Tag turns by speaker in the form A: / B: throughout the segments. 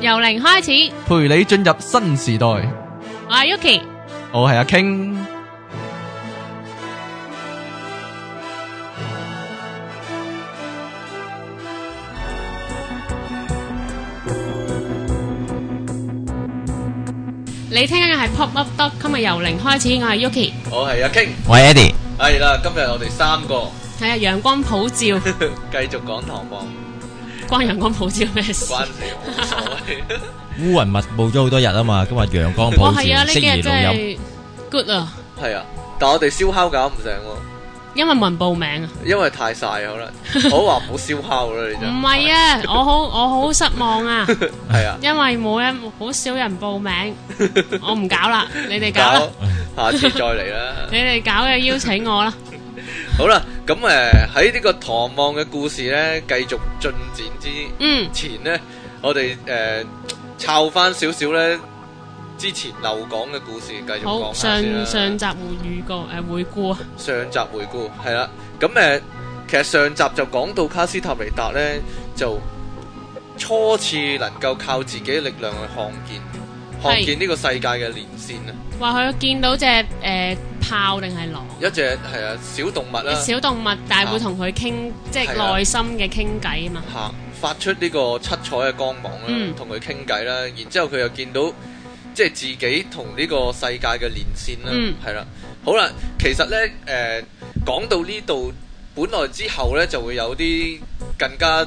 A: 由零開始，
B: 陪你進入新時代。
A: 我係 Yuki，
B: 我係阿 King。
A: 你聽緊嘅係 Pop Up Doc，今日由零開始。我係 Yuki，
B: 我係阿 King。我係 Eddie。係啦，今日我哋三個。
A: 係啊，陽光
B: 普照。繼續講唐望。
A: 關陽光普照咩事？
C: 烏雲密佈咗好多日啊嘛，今日陽光普照，星期
A: 六日 good 啊！
B: 係啊，但係我哋燒烤搞唔成咯，
A: 因為冇人報名
B: 啊，因為太曬。好啦，我話唔好燒烤啦，你真
A: 唔係啊！我好我好失望啊，係啊，因為冇人，好少人報名，我唔搞啦，你哋搞，
B: 下次再嚟啦，你
A: 哋搞嘅邀請我啦。
B: 好啦，咁誒喺呢個唐望嘅故事咧，繼續進展之呢嗯，前咧，我哋誒抄翻少少咧之前漏講嘅故事，繼續講下先啦。好，上上
A: 集回顧誒回顧啊。
B: 上集回顧，係啦，咁、呃、誒其實上集就講到卡斯塔尼達咧就初次能夠靠自己嘅力量去看見。看見呢個世界嘅連線啊！
A: 話佢見到隻誒、呃、豹定係狼？
B: 一隻係啊，小動物啦、啊嗯。小動
A: 物，但係會同佢傾，啊、即係內心嘅傾偈啊嘛。吓、
B: 啊，發出呢個七彩嘅光芒啦、啊，同佢傾偈啦。然之後佢又見到即係自己同呢個世界嘅連線啦、啊。係啦、嗯啊，好啦，其實咧誒、呃、講到呢度，本來之後咧就會有啲更加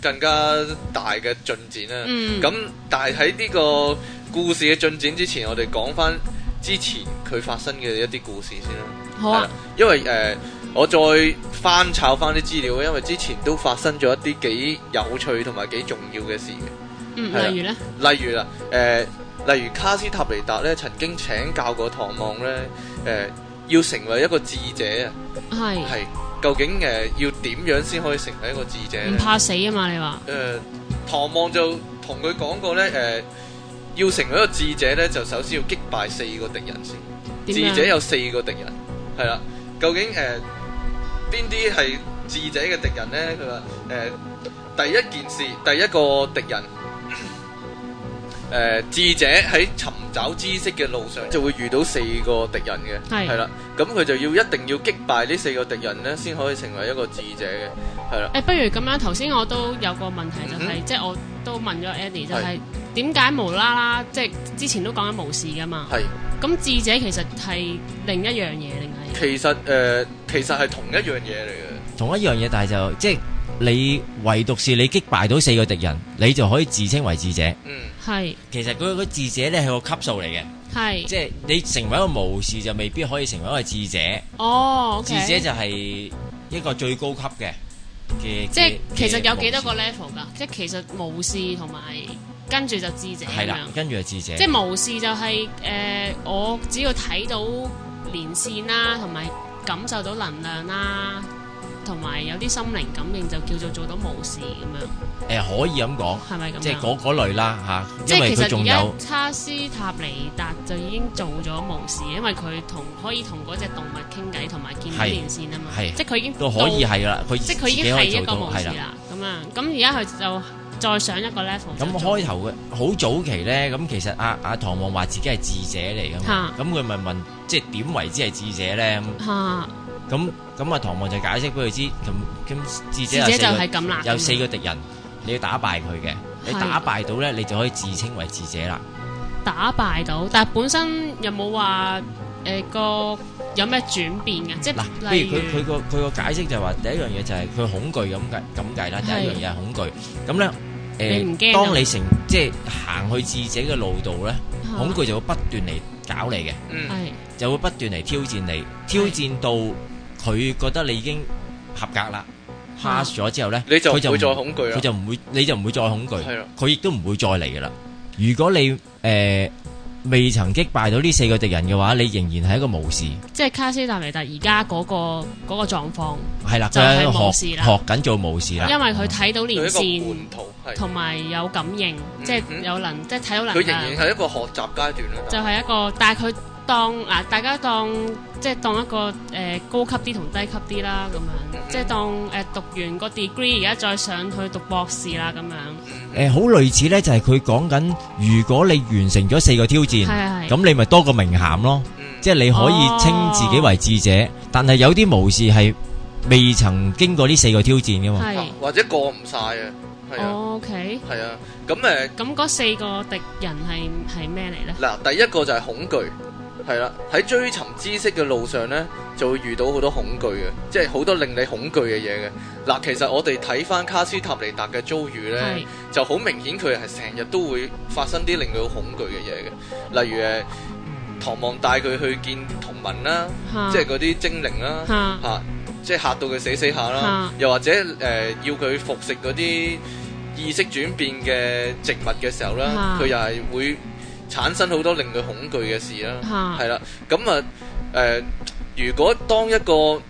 B: 更加大嘅進展啦、啊。咁、嗯、但係喺呢個故事嘅進展之前，我哋講翻之前佢發生嘅一啲故事先啦。好啊，因為誒、呃，我再翻炒翻啲資料，因為之前都發生咗一啲幾有趣同埋幾重要嘅事嘅。嗯，
A: 例如呢，
B: 例如啦，誒、呃，例如卡斯塔尼達咧曾經請教過唐望咧，誒、呃，要成為一個智者啊。
A: 係係
B: 是，究竟誒、呃、要點樣先可以成為一個智者？唔怕
A: 死啊嘛？你話？
B: 誒、呃，唐望就同佢講過咧，誒、呃。嗯要成為一個智者呢，就首先要擊敗四個敵人先。樣智者有四個敵人，係啦。究竟誒，邊啲係智者嘅敵人呢？佢話誒，第一件事，第一個敵人。誒、呃，智者喺尋找知識嘅路上就會遇到四個敵人嘅，係啦是，咁佢就要一定要擊敗呢四個敵人咧，先可以成為一個智者嘅，係啦。
A: 誒、欸，不如咁樣，頭先我都有個問題就係、是，嗯、哼即係我都問咗 Eddie 就係、是，點解無啦啦，即係之前都講緊無事㗎嘛？係是。咁智者其實係另一樣嘢，定
B: 係、呃？其實誒，其實係同一樣嘢嚟嘅，
C: 同一樣嘢，但係就即係你唯獨是你擊敗到四個敵人，你就可以自稱為智者。嗯。係，是其實佢個智者咧係個級數嚟嘅，
A: 係是，即係
C: 你成為一個武士就未必可以成為一個智者。
A: 哦，okay，智者就
C: 係一個最高級嘅嘅。即係是的其實有幾多個
A: level 㗎？ 即係其實武士同埋跟住就智者咁係啦，
C: 跟住就智者。智者即係武
A: 士就係、是、誒、呃，我只要睇到連線啦，同埋感受到能量啦。同埋有啲心靈感應就叫做做到巫師咁、
C: 呃、樣，樣，誒可以咁講，係咪咁？即係嗰嗰類啦吓，即係其實仲有
A: 卡斯塔尼達就已經做咗巫師，因為佢同可以同嗰隻動物傾偈同埋建連線啊嘛，是 即係佢已經到都可以係啦，即係佢已經係一個巫師啦，咁啊，咁而家佢就再上一個 level。咁開
C: 頭嘅好早期咧，咁其實阿、啊、阿、啊啊、唐望話自己係智者嚟噶，咁佢咪問即係點為之係智者咧？啊啊啊啊咁咁啊，唐望就解釋俾佢知，咁咁智者就係咁啦，有四個，有四個敵人，你要打敗佢嘅。你打敗到咧，你就可以自稱為智者啦。
A: 打敗到，但係本身有冇話誒個有咩轉變嘅？即係嗱，譬如佢佢
C: 個佢個解釋就係話，第一樣嘢就係佢恐懼咁計咁計啦。第一樣嘢係恐懼，咁咧誒，當你成即係行去智者嘅路度咧，恐懼就會不斷嚟搞你嘅，就會不斷嚟挑戰你，挑戰到。佢覺得你已經合格啦，pass 咗之後咧，佢就唔會再恐懼，佢就唔會，你就唔會再恐懼，佢亦都唔會再嚟噶啦。如果你誒未曾擊敗到呢四個敵人嘅話，你仍然係一個巫士。
A: 即係卡斯塔尼達而家嗰個嗰個狀況，係啦，就係巫士啦，學
C: 緊做巫士啦。因為
A: 佢睇到連線，同埋有感應，即係有能，即係睇到能力。佢仍然係一
B: 個學習階段啦，就
A: 係一個，但係佢。當嗱，大家當即係當一個誒高級啲同低級啲啦，咁樣即係當誒讀完個 degree 而家再上去讀博士啦，咁樣
C: 誒好類似咧，就係佢講緊，如果你完成咗四個挑戰，咁你咪多個名銜咯，即係你可以稱自己為智者。但係有啲巫師係未曾經過呢四個挑戰嘅嘛，
B: 或者過唔晒啊，係啊，OK，係啊，咁誒，
A: 咁嗰四個敵人係係咩嚟咧？
B: 嗱，第一個就係恐懼。係啦，喺追尋知識嘅路上呢，就會遇到好多恐懼嘅，即係好多令你恐懼嘅嘢嘅。嗱、啊，其實我哋睇返卡斯塔尼達嘅遭遇呢，是就好明顯佢係成日都會發生啲令佢恐懼嘅嘢嘅，例如誒，唐望帶佢去見同民啦，即係嗰啲精靈啦，嚇，即係嚇到佢死死下啦，是又或者誒、呃、要佢服食嗰啲意識轉變嘅植物嘅時候呢，佢是又係會。產生好多令佢恐懼嘅事啦，係啦、嗯，咁啊，誒、呃，如果當一個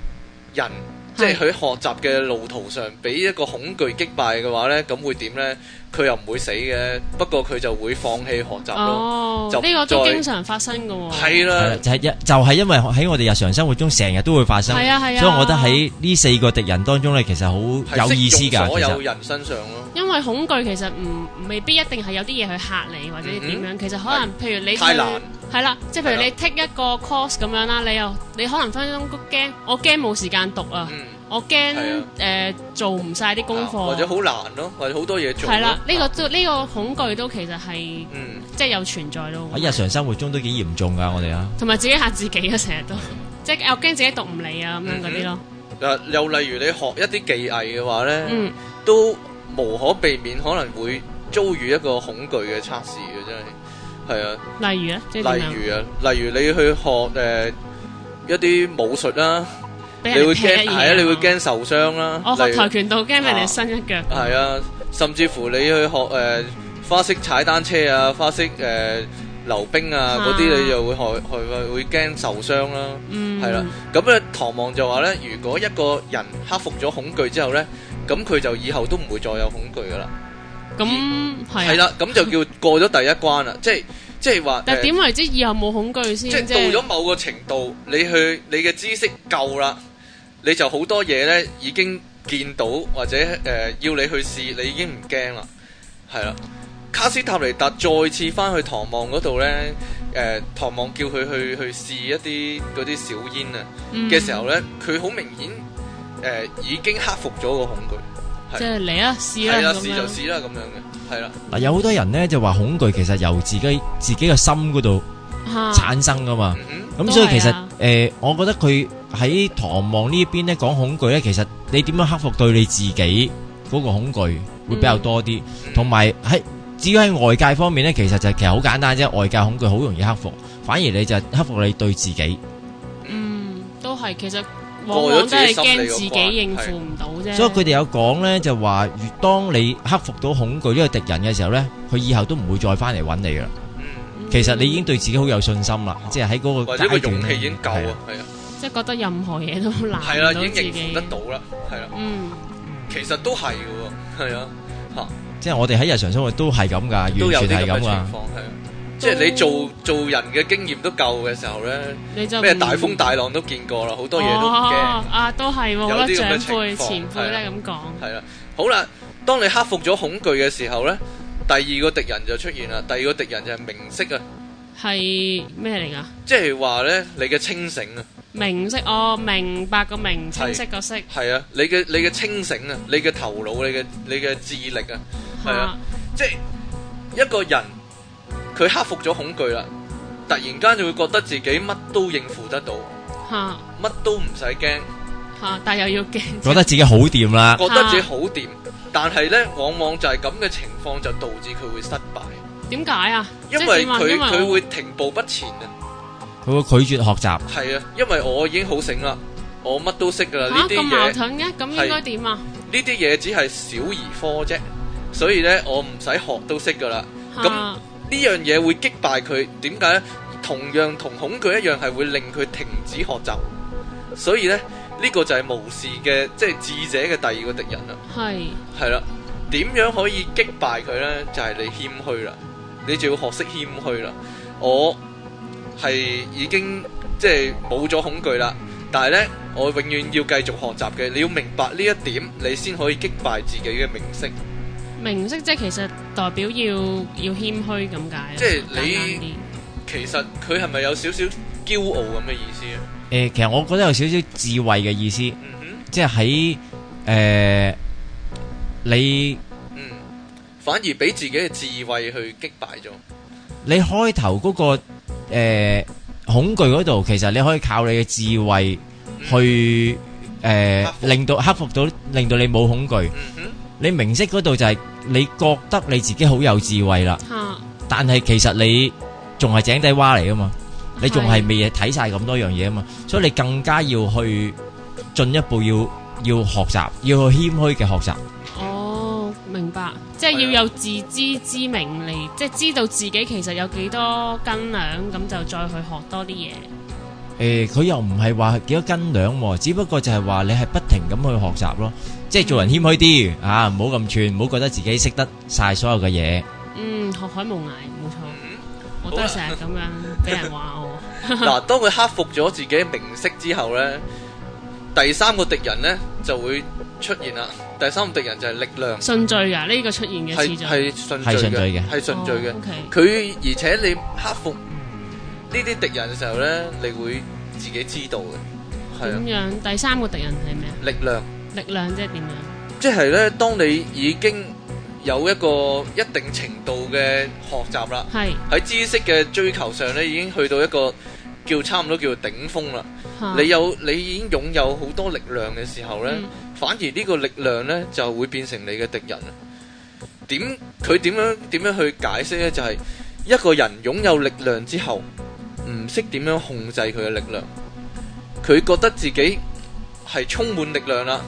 B: 人，即係佢學習嘅路途上，俾一個恐懼擊敗嘅話呢，咁會點呢？佢又唔會死嘅，不過佢就會放棄學習咯。哦、呢個都經
A: 常發生嘅喎。係
C: 啦了，就係、一就係、因為喺我哋日常生活中，成日都會發生。所以我覺得喺呢四個敵人當中呢，其實好有意思㗎。適用所有
B: 人身上咯。
A: 因為恐懼其實唔未必一定係有啲嘢去嚇你或者點樣，嗯嗯，其實可能對譬如你、就是係啦，即係譬如你 take 一個 course 咁樣啦，你又你可能分分鐘都驚，我驚冇時間讀啊，我驚誒做唔晒啲功課，啊啊，或者
B: 好難咯，啊，或者好多嘢做。係啦，
A: 呢個都呢，呢個恐懼都其實係，嗯、即係有存在咯。喺，啊、日
C: 常生活中都幾嚴重噶，嗯、我哋啊，
A: 同埋自己吓自己啊，成日都即係又驚自己讀唔嚟啊咁樣嗰啲咯。
B: 嗱，又例如你學一啲技藝嘅話咧，嗯、都無可避免可能會遭遇一個恐懼嘅測試嘅真係。係啊，
A: 例如咧，即例如啊，
B: 例如你去學誒、呃、一啲武術啦，被人 你會驚係東西 啊，你會驚受傷啦。哦，如我學跆拳
A: 道驚俾人伸一腳。係啊、嗯、
B: 啊，甚至乎你去學誒、呃、花式踩單車啊，花式誒溜、呃、冰啊嗰啲，啊、你就會害害會驚受傷啦。嗯，係啦、啊。咁咧，唐望就話咧，如果一個人克服咗恐懼之後咧，咁佢就以後都唔會再有恐懼噶啦。咁係啦，咁、嗯、 就叫過咗第一關啦，即係即係話。但係點
A: 為之以後冇恐懼先？即係到咗
B: 某個程度，即你去你嘅知識夠啦，你就好多嘢咧已經見到或者誒、呃、要你去試，你已經唔驚啦。係啦，卡斯塔尼達再次翻去唐望嗰度咧，誒、呃、唐望叫佢去去試一啲嗰啲小煙啊嘅、嗯、時候咧，佢好明顯誒、呃、已經克服咗個恐懼。即係嚟啊，試啦咁樣。係啦，試就試啦咁樣嘅。
C: 係啦。嗱，有好多人咧就話恐懼其實由自己自己個心嗰度產生噶嘛。咁所以其實誒、呃，我覺得佢喺唐望邊，呢邊咧講恐懼咧，其實你點樣克服對你自己嗰、嗰個恐懼會比較多啲。同埋喺至於喺外界方面咧，其實就係其實好簡單啫。外界恐懼好容易克服，反而你就克服你對自己。嗯，
A: 都係。其實。過往真係驚自己應付唔到啫，所以佢哋
C: 有講咧，就話越當你克服到恐懼呢個敵人嘅時候咧，佢以後都唔會再翻嚟揾你㗎啦。嗯，其實你已經對自己好有信心啦，即係喺嗰個或者個勇氣已
B: 經夠啊，係啊，
A: 即係覺得任何嘢都難唔到自己應付得
B: 到啦，係啦，嗯，其實都係嘅，係
C: 啊，吓，即係我哋喺日常生活都係咁噶，都有呢個情況係。
B: 即係你做做人嘅經驗都夠嘅時候呢，咩大風大浪都見過啦，好多嘢都唔驚、哦、
A: 啊！都係，得有啲咁嘅長輩前輩咧咁講。
B: 係啦、啊啊，好啦，當你克服咗恐懼嘅時候呢，第二個敵人就出現啦。第二個敵人就係明晰啊。
A: 係咩嚟噶？
B: 即係話呢，你嘅清醒啊。
A: 明晰，哦，明白個明，白明白，清晰個晰。
B: 係啊，啊，你嘅你嘅清醒啊，你嘅頭腦，你嘅你嘅智力啊，係啊，啊，即係一個人。佢克服咗恐懼啦，突然間就會覺得自己乜都應付得到，吓、啊，乜都唔使驚，吓、啊，但又要驚， 覺得自己好掂啦，覺得自己好掂，但係咧往往就係咁嘅情況就導致佢會失敗，點解啊？因為佢佢會停步不前啊，
C: 佢會拒絕學習。
B: 係啊，因為我已經好醒啦，我乜都識噶啦，呢啲嘢矛盾嘅，咁應該點啊？呢啲嘢只係小兒科啫，所以咧我唔使學都識噶啦，咁、啊。啊呢樣嘢會擊敗佢，點解？同樣同恐懼一樣，係會令佢停止學習。所以呢，呢個就係無視嘅，即係智者嘅第二個敵人啦。係係啦，點樣可以擊敗佢呢？就係你謙虛啦，你就要學識謙虛啦。我係已經即係冇咗恐懼啦，但係呢，我永遠要繼續學習嘅。你要明白呢一點，你先可以擊敗自己嘅名聲。
A: 明色即係其實代表要要謙虛咁解，即係你
B: 其實佢係咪有少少驕傲咁嘅意思
C: 咧？誒、呃，其實我覺得有少少智慧嘅意思，嗯、哼即係喺誒你，嗯，
B: 反而俾自己嘅智慧去擊敗咗。
C: 你開頭嗰、那個誒、呃、恐懼嗰度，其實你可以靠你嘅智慧去誒令到克服到，令到令你冇恐懼。嗯你明識嗰度就係你覺得你自己好有智慧啦，啊、但係其實你仲係井底蛙嚟㗎嘛，
A: 是你仲係未
C: 嘢睇晒咁多樣嘢啊嘛，所以你更加要去進一步要要學習，要去謙虛嘅學習。哦，
A: 明白，即係要有自知之明嚟，啊、即係知道自己其實有幾多斤兩，咁就再去學多啲嘢。
C: 誒、欸，佢又唔係話幾多斤兩，只不過就係話你係不停咁去學習咯。即係做人謙虛啲，吓，唔好咁寸，唔好覺得自己識得晒所有嘅嘢。嗯，
A: 學海無涯，冇錯，我都係成日咁樣俾人
B: 話我。嗱，當佢克服咗自己嘅明識之後咧，第三個敵人咧就會出現啦。第三個敵人就係力量。順
A: 序噶，呢個出現嘅
B: 次序係順序嘅，係順序嘅。佢，而且你克服呢啲敵人嘅時候咧，你會自己知道嘅。點樣？
A: 第三個敵人係咩啊？力量。力量
B: 即係點樣？即係咧，當你已經有一個一定程度嘅學習啦，喺知識嘅追求上咧，已經去到一個叫差唔多叫做頂峰啦。你有你已經擁有好多力量嘅時候咧，反而呢個力量咧就會變成你嘅敵人啦。點佢點樣點樣去解釋咧？就係一個人擁有力量之後，唔識點樣控制佢嘅力量，佢覺得自己係充滿力量啦。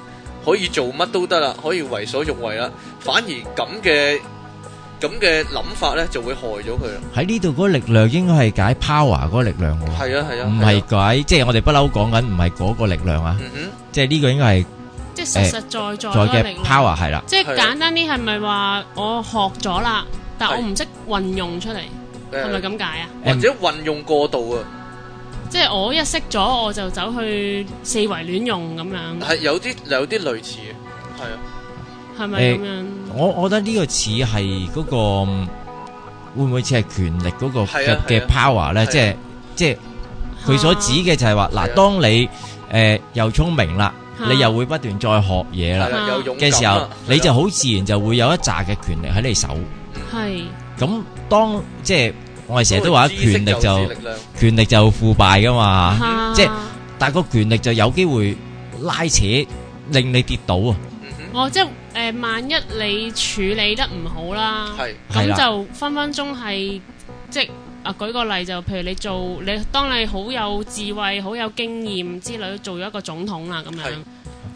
B: 可以做乜都得啦，可以為所欲為啦，反而咁嘅咁嘅諗法咧就會害咗佢啦。
C: 喺呢度嗰個力量應該係解 power 嗰個力量喎。係啊係啊，唔係解，即係我哋不嬲講緊唔係嗰個力量啊。嗯哼，即係呢個應該
A: 係即係實實在在嘅 power 係啦。即係簡單啲係咪話我學咗啦，但我唔識運用出嚟，
B: 係咪咁解啊？或者運用過度啊？
A: 即係我一識咗，我就走去四圍亂用咁樣。係有啲
B: 有啲類似嘅。係啊，係咪咁
C: 樣？我我覺得呢個似係嗰個，會唔會似係權力嗰個嘅嘅 power 咧？即係即係佢所指嘅就係話，嗱，當你誒又聰明啦，你又會不斷再學嘢啦，嘅時候，你就好自然就會有一紮嘅權力喺你手。
A: 係。
C: 咁當即係。我成日都話，權力就權力就腐敗噶嘛，即係但係個權力就有機會拉扯，令你跌倒
A: 啊！哦，即係誒，萬一你處理得唔好啦，咁就分分鐘係即係啊！舉個例就，譬如你做你當你好有智慧、好有經驗之類，做咗一個總統啊咁樣，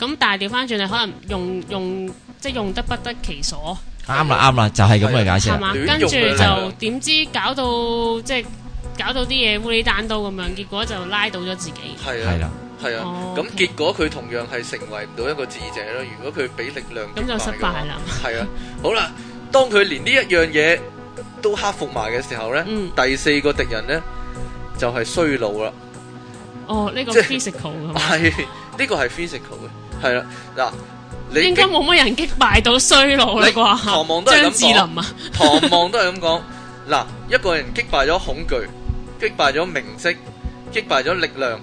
A: 咁但係調翻轉調返轉，你可能用用即係用得不得其所。
C: 啱啦啱啦，嗯、就係咁嘅解釋吧。
A: 跟住就點知搞到即係搞到啲嘢，烏里單刀咁樣，結果就拉倒咗自己。係
B: 啦，係啊。咁、啊哦啊、結果佢同樣係成為唔到一個智者咯。如果佢俾力量咁
A: 就失敗啦。
B: 係啊，好啦，當佢連呢一樣嘢都克服埋嘅時候咧， 嗯、第四個敵人咧就係、是、衰老啦。哦，呢、這個 physical 係呢即嗎 個係 physical 嘅，係啦嗱。你應該
A: 冇乜人擊敗到衰老啦啩？唐望都係咁講，啊、
B: 唐望都係咁講。嗱，一個人擊敗咗恐懼，擊敗咗明晰，擊敗咗力量，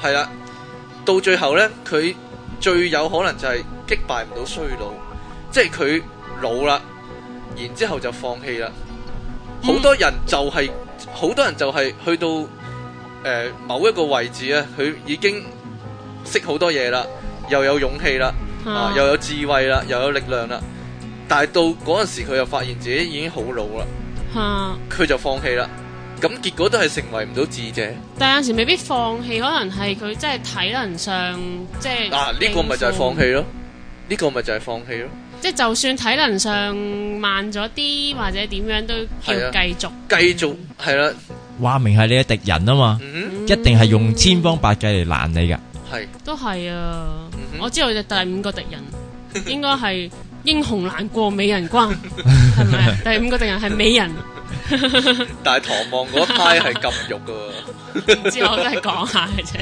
B: 係啦哈，到最後呢，佢最有可能就係擊敗唔到衰老，即係佢老啦，然之後就放棄啦。好多人就係、是、好、嗯、多人就係、是、去到、呃、某一個位置啊，佢已經識好多嘢啦，又有勇氣啦。啊、又有智慧啦，又有力量啦，但係到嗰陣時佢又發現自己已經好老啦，佢、啊、就放棄啦。咁結果都係成為唔到智者。但
A: 有陣時未必放棄，可能係佢真係體能上即係。嗱，呢個咪就係放
B: 棄咯，呢個咪就係放棄咯。
A: 即係就算體能上慢咗啲或者點樣都要繼續。
B: 繼、啊、續係啦，
C: 話、啊嗯、明係你嘅敵人啊嘛，嗯、哼一定係用千方百計嚟攔你噶。
A: 是都係啊！嗯、哼我知道只第五個敵人應該係英雄難過美人關，係咪 第五個敵人係美人，
B: 但係唐望嗰一派係禁欲噶， 唔知道 我都
A: 講下嘅啫。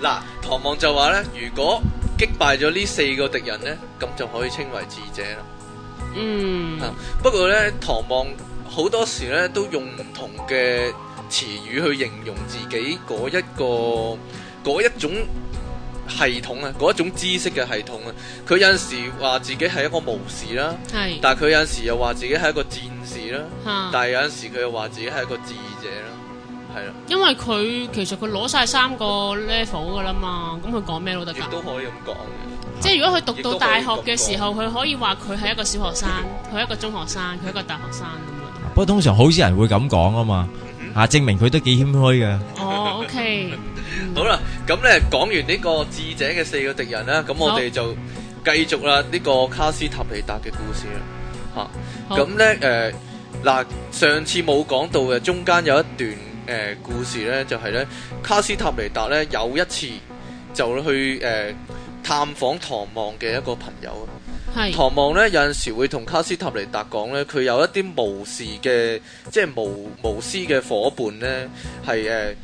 B: 嗱，唐望就話咧，如果擊敗咗呢四個敵人咧，咁就可以稱為智者啦。嗯、
A: 啊，
B: 不過咧，唐望好多時咧都用唔同嘅詞語去形容自己嗰一個。嗯嗰一種系統啊，嗰一種知識嘅系統啊，佢有陣時話自己係一個巫士啦，是但係佢有陣時又話自己係一個戰士啦，哈但係有陣時佢又話自己係一個智者啦，係啦。
A: 因為佢其實佢攞晒三個 level 㗎啦嘛，咁佢講咩都得㗎。亦都
B: 可以咁講嘅，講即係如果佢讀到大學嘅時候，
A: 佢可以話佢係一個小學生，佢 係一個中學生，
B: 佢係一個大學生
C: 咁啊。不過通常好少人會咁講啊嘛，嚇、啊、證明佢都幾謙虛嘅。
B: 哦，OK。好啦，咁咧講完呢個智者嘅四個敵人啦，咁、oh. 我哋就繼續啦，呢個卡斯塔尼達嘅故事啦，吓，咁咧，誒嗱，上次冇講到嘅中間有一段誒、呃、故事咧，就係、是、咧卡斯塔尼達咧有一次就去誒、呃、探訪唐望嘅一個朋友，係、oh. 唐望咧有陣時會同卡斯塔尼達講咧，佢有一啲無視嘅即係無無私嘅夥伴咧，係誒。呃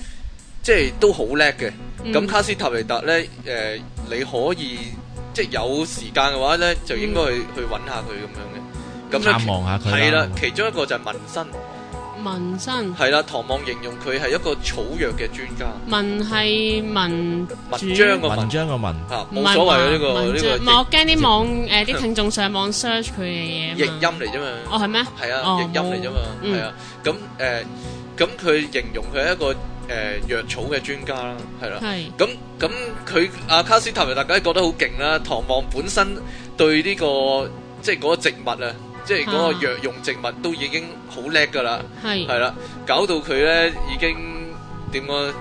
B: 即係都好叻嘅，咁卡斯塔尼達咧，誒，你可以即係有時間嘅話咧，就應該去去揾下佢咁樣嘅。咁探望下佢。係啦，其中一個就係文身。
A: 文身。
B: 係啦，唐望形容佢係一個草藥嘅專家。
A: 文係文。文章個文
B: 章個文。吓。冇所謂嘅呢個呢個。我
A: 驚啲網誒啲聽眾上網 search 佢嘅嘢，譯
B: 音嚟啫嘛。哦係咩？係啊，譯音嚟啫嘛。嗯。係啊，咁誒，咁佢形容佢係一個。誒，藥草嘅專家啦，係啦，咁咁佢阿卡斯塔尼達梗係覺得好勁啦。唐望本身對呢個即係嗰個植物啊，即係嗰個藥用植物都已經好叻噶啦，係係啦，搞到佢咧已經點講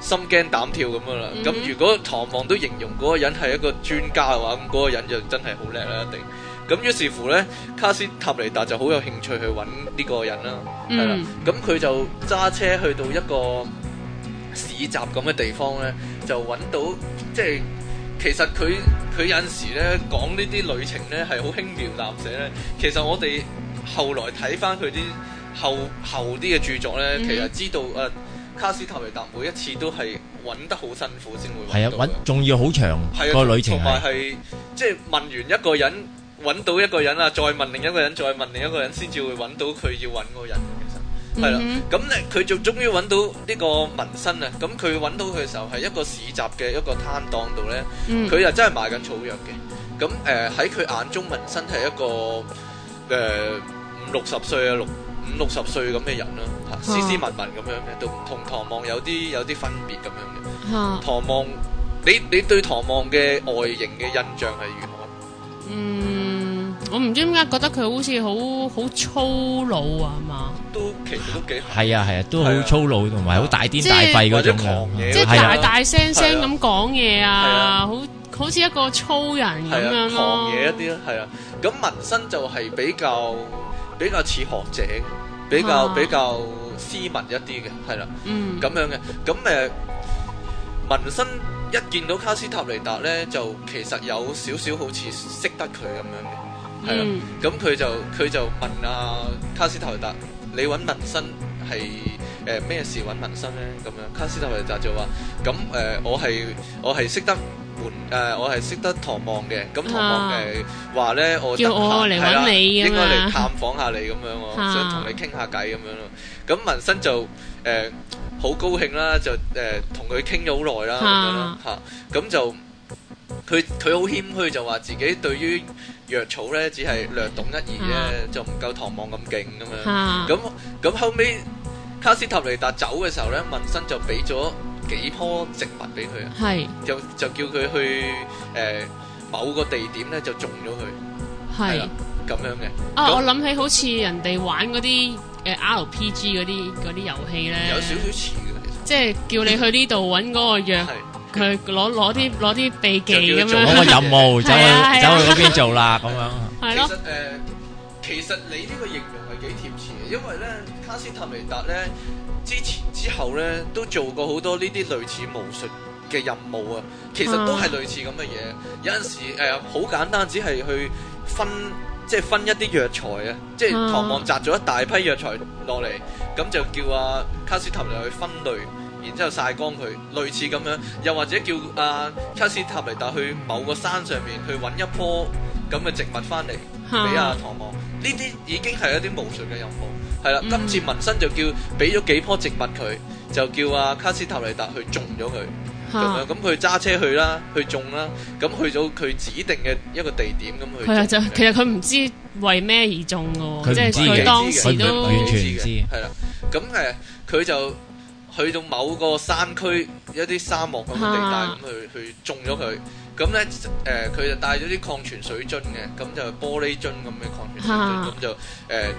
B: 心驚膽跳咁樣啦。咁如果唐望都形容嗰個人係一個專家嘅話，咁嗰個人就真係好叻啦，一定。咁於是乎咧，卡斯塔尼達就好有興趣去揾呢個人啦，係啦。咁佢就揸車去到一個。市集咁嘅地方呢，就揾到即係，其實佢佢有陣時呢，講呢啲旅程呢，係好輕描淡寫呢，其實我哋後來睇翻佢啲後後啲嘅著作呢，嗯、其實知道誒、啊、卡斯塔尼達每一次都係揾得好辛苦先會揾
C: 仲，啊、要好長、啊、個旅程，同埋係
B: 即係問完一個人揾到一個人啊，再問另一個人，再問另一個人先至會揾到佢要揾嗰人。係啦，咁咧佢就終於揾到呢個紋身啊！咁佢揾到佢嘅時候係一個市集嘅一個攤檔度咧，佢又、mm hmm. 真係賣緊草藥嘅。咁誒喺佢眼中紋身係一個誒、呃、五六十歲啊，六五六十歲咁嘅人啦，uh huh. 斯斯文文咁樣嘅，都同唐望有啲有啲分別咁樣嘅。唐、uh huh. 望，你你對唐望嘅外形嘅印象係如何？嗯、mm。
A: Hmm. 我唔知點解覺得佢好似好好粗魯啊嘛，都
B: 其實都幾
C: 係啊，係啊，啊都好粗魯同埋好大癲大肺嗰種狂野即係即係大
A: 大聲聲咁講嘢啊，啊好好似一個粗人咁，啊、樣狂野一啲
B: 咯，係啊。咁紋身就係比較比較似學者，比較、啊、比較斯、啊嗯呃、文一啲嘅，係啦，咁樣嘅。咁誒，紋身一見到卡斯塔尼達咧，就其實有少少好似識得佢咁樣嘅。係啊，咁佢就佢就問阿卡斯塔尼達：你揾文森係誒咩事揾文森咧？咁樣卡斯塔尼達就話：咁誒我係我係識得換誒我係識得唐望嘅，咁唐望誒話咧我叫我嚟揾你啊，應該嚟探訪下你咁樣喎，想同你傾下偈咁樣咯。咁文森就誒好高興啦，就誒同佢傾咗好耐啦嚇，咁就佢佢好謙虛就話自己對於。藥草咧，只係略懂一二嘅，就唔夠唐望咁勁咁啊！咁咁、啊、後尾卡斯塔尼達走嘅時候咧，紋生就俾咗幾棵植物俾佢啊！係是，就就叫佢去誒、呃、某個地點咧，就種咗佢係啦，咁是樣嘅。啊！
A: 那我諗起好似人哋玩嗰啲誒 RPG 嗰啲啲遊戲咧，有少少似嘅，其實即係叫你去呢度揾嗰個藥。是佢攞攞啲攞啲秘技咁樣，
B: 做嗰個任務，走 去走、啊、去嗰邊做啦，咁、啊、樣。其實誒，uh, 其實你呢個形容係幾貼切嘅，因為咧卡斯塔尼達咧之前之後咧都做過好多呢啲類似巫術嘅任務啊，其實都係類似咁嘅嘢。啊、有陣時誒好、uh, 簡單，只係去分，即、就、係、是、分一啲藥材啊，即、就、係、是、唐望摘咗一大批藥材落嚟，咁就叫阿卡斯塔尼去分類。然之後曬乾佢，類似咁樣，又或者叫阿卡斯塔尼達去某個山上面去揾一樖咁嘅植物翻嚟，俾阿唐望。呢啲已經係一啲無數嘅任務。係啦，今次紋身就叫俾咗幾棵植物佢，就叫阿卡斯塔尼達去種咗佢。咁樣咁佢揸車去啦，去種啦。咁去到佢指定嘅一個地點咁去。係啊，就其實佢唔
A: 知為咩而種咯，即係佢當時都唔完全知。
B: 係啦，咁誒佢就。去到某個山區一啲沙漠咁嘅地帶咁、啊、去去種咗佢，咁呢，誒、呃、佢就帶咗啲礦泉水樽嘅，咁就玻璃樽咁嘅礦泉水樽，咁、啊、就誒。呃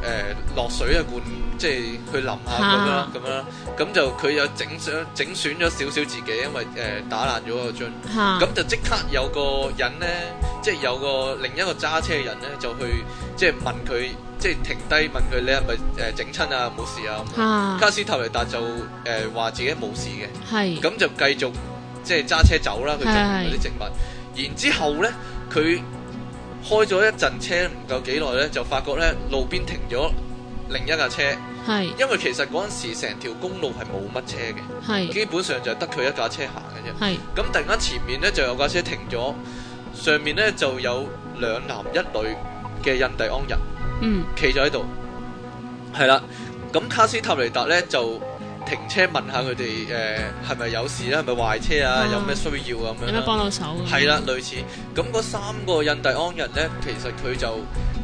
B: 誒落水一罐，即係去淋下咁樣咁樣，咁就佢又整損整損咗少少自己，因為誒打爛咗個樽，咁就即刻有個人咧，即係有個另一個揸車嘅人咧，就去即係問佢，即係停低問佢，你係咪誒整親啊，冇事啊？卡斯塔尼達就誒話自己冇事嘅，咁就繼續即係揸車走啦，佢種嗰啲植物。然之後咧，佢。開咗一陣車，唔夠幾耐呢，就發覺呢，路邊停咗另一架車。係是，因為其實嗰陣時成條公路係冇乜車嘅，係是，基本上就係得佢一架車行嘅啫。係是，咁突然間前面呢就有架車停咗，上面呢就有兩男一女嘅印第安人，嗯，企咗喺度，係啦。咁卡斯塔尼達呢就。停車問下佢哋，誒係咪有事是是啊？係咪壞車啊？有咩需要啊？咁樣有咩幫
A: 到手？係啦，
B: 類似咁，嗰三個印第安人呢，其實佢就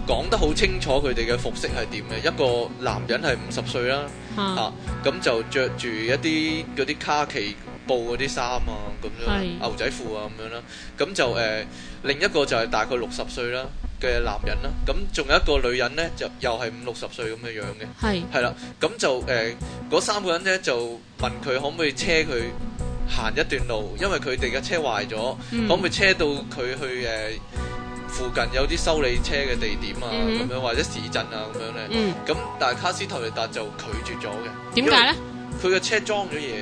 B: 講得好清楚，佢哋嘅服飾係點嘅。一個男人係五十歲啦，嚇咁就着住一啲嗰啲卡其布嗰啲衫啊，咁、啊啊、樣的牛仔褲啊咁樣啦。咁就誒、呃、另一個就係大概六十歲啦。嘅男人啦，咁仲有一個女人咧，就又係五六十歲咁嘅樣嘅，係啦，咁就誒嗰三個人咧就問佢可唔可以車佢行一段路，因為佢哋嘅車壞咗，可唔可以車到佢去誒附近有啲修理車嘅地點啊，咁樣或者市鎮啊咁樣咧，咁但係卡斯塔尼達就拒絕咗嘅，點解咧？佢嘅車裝咗嘢，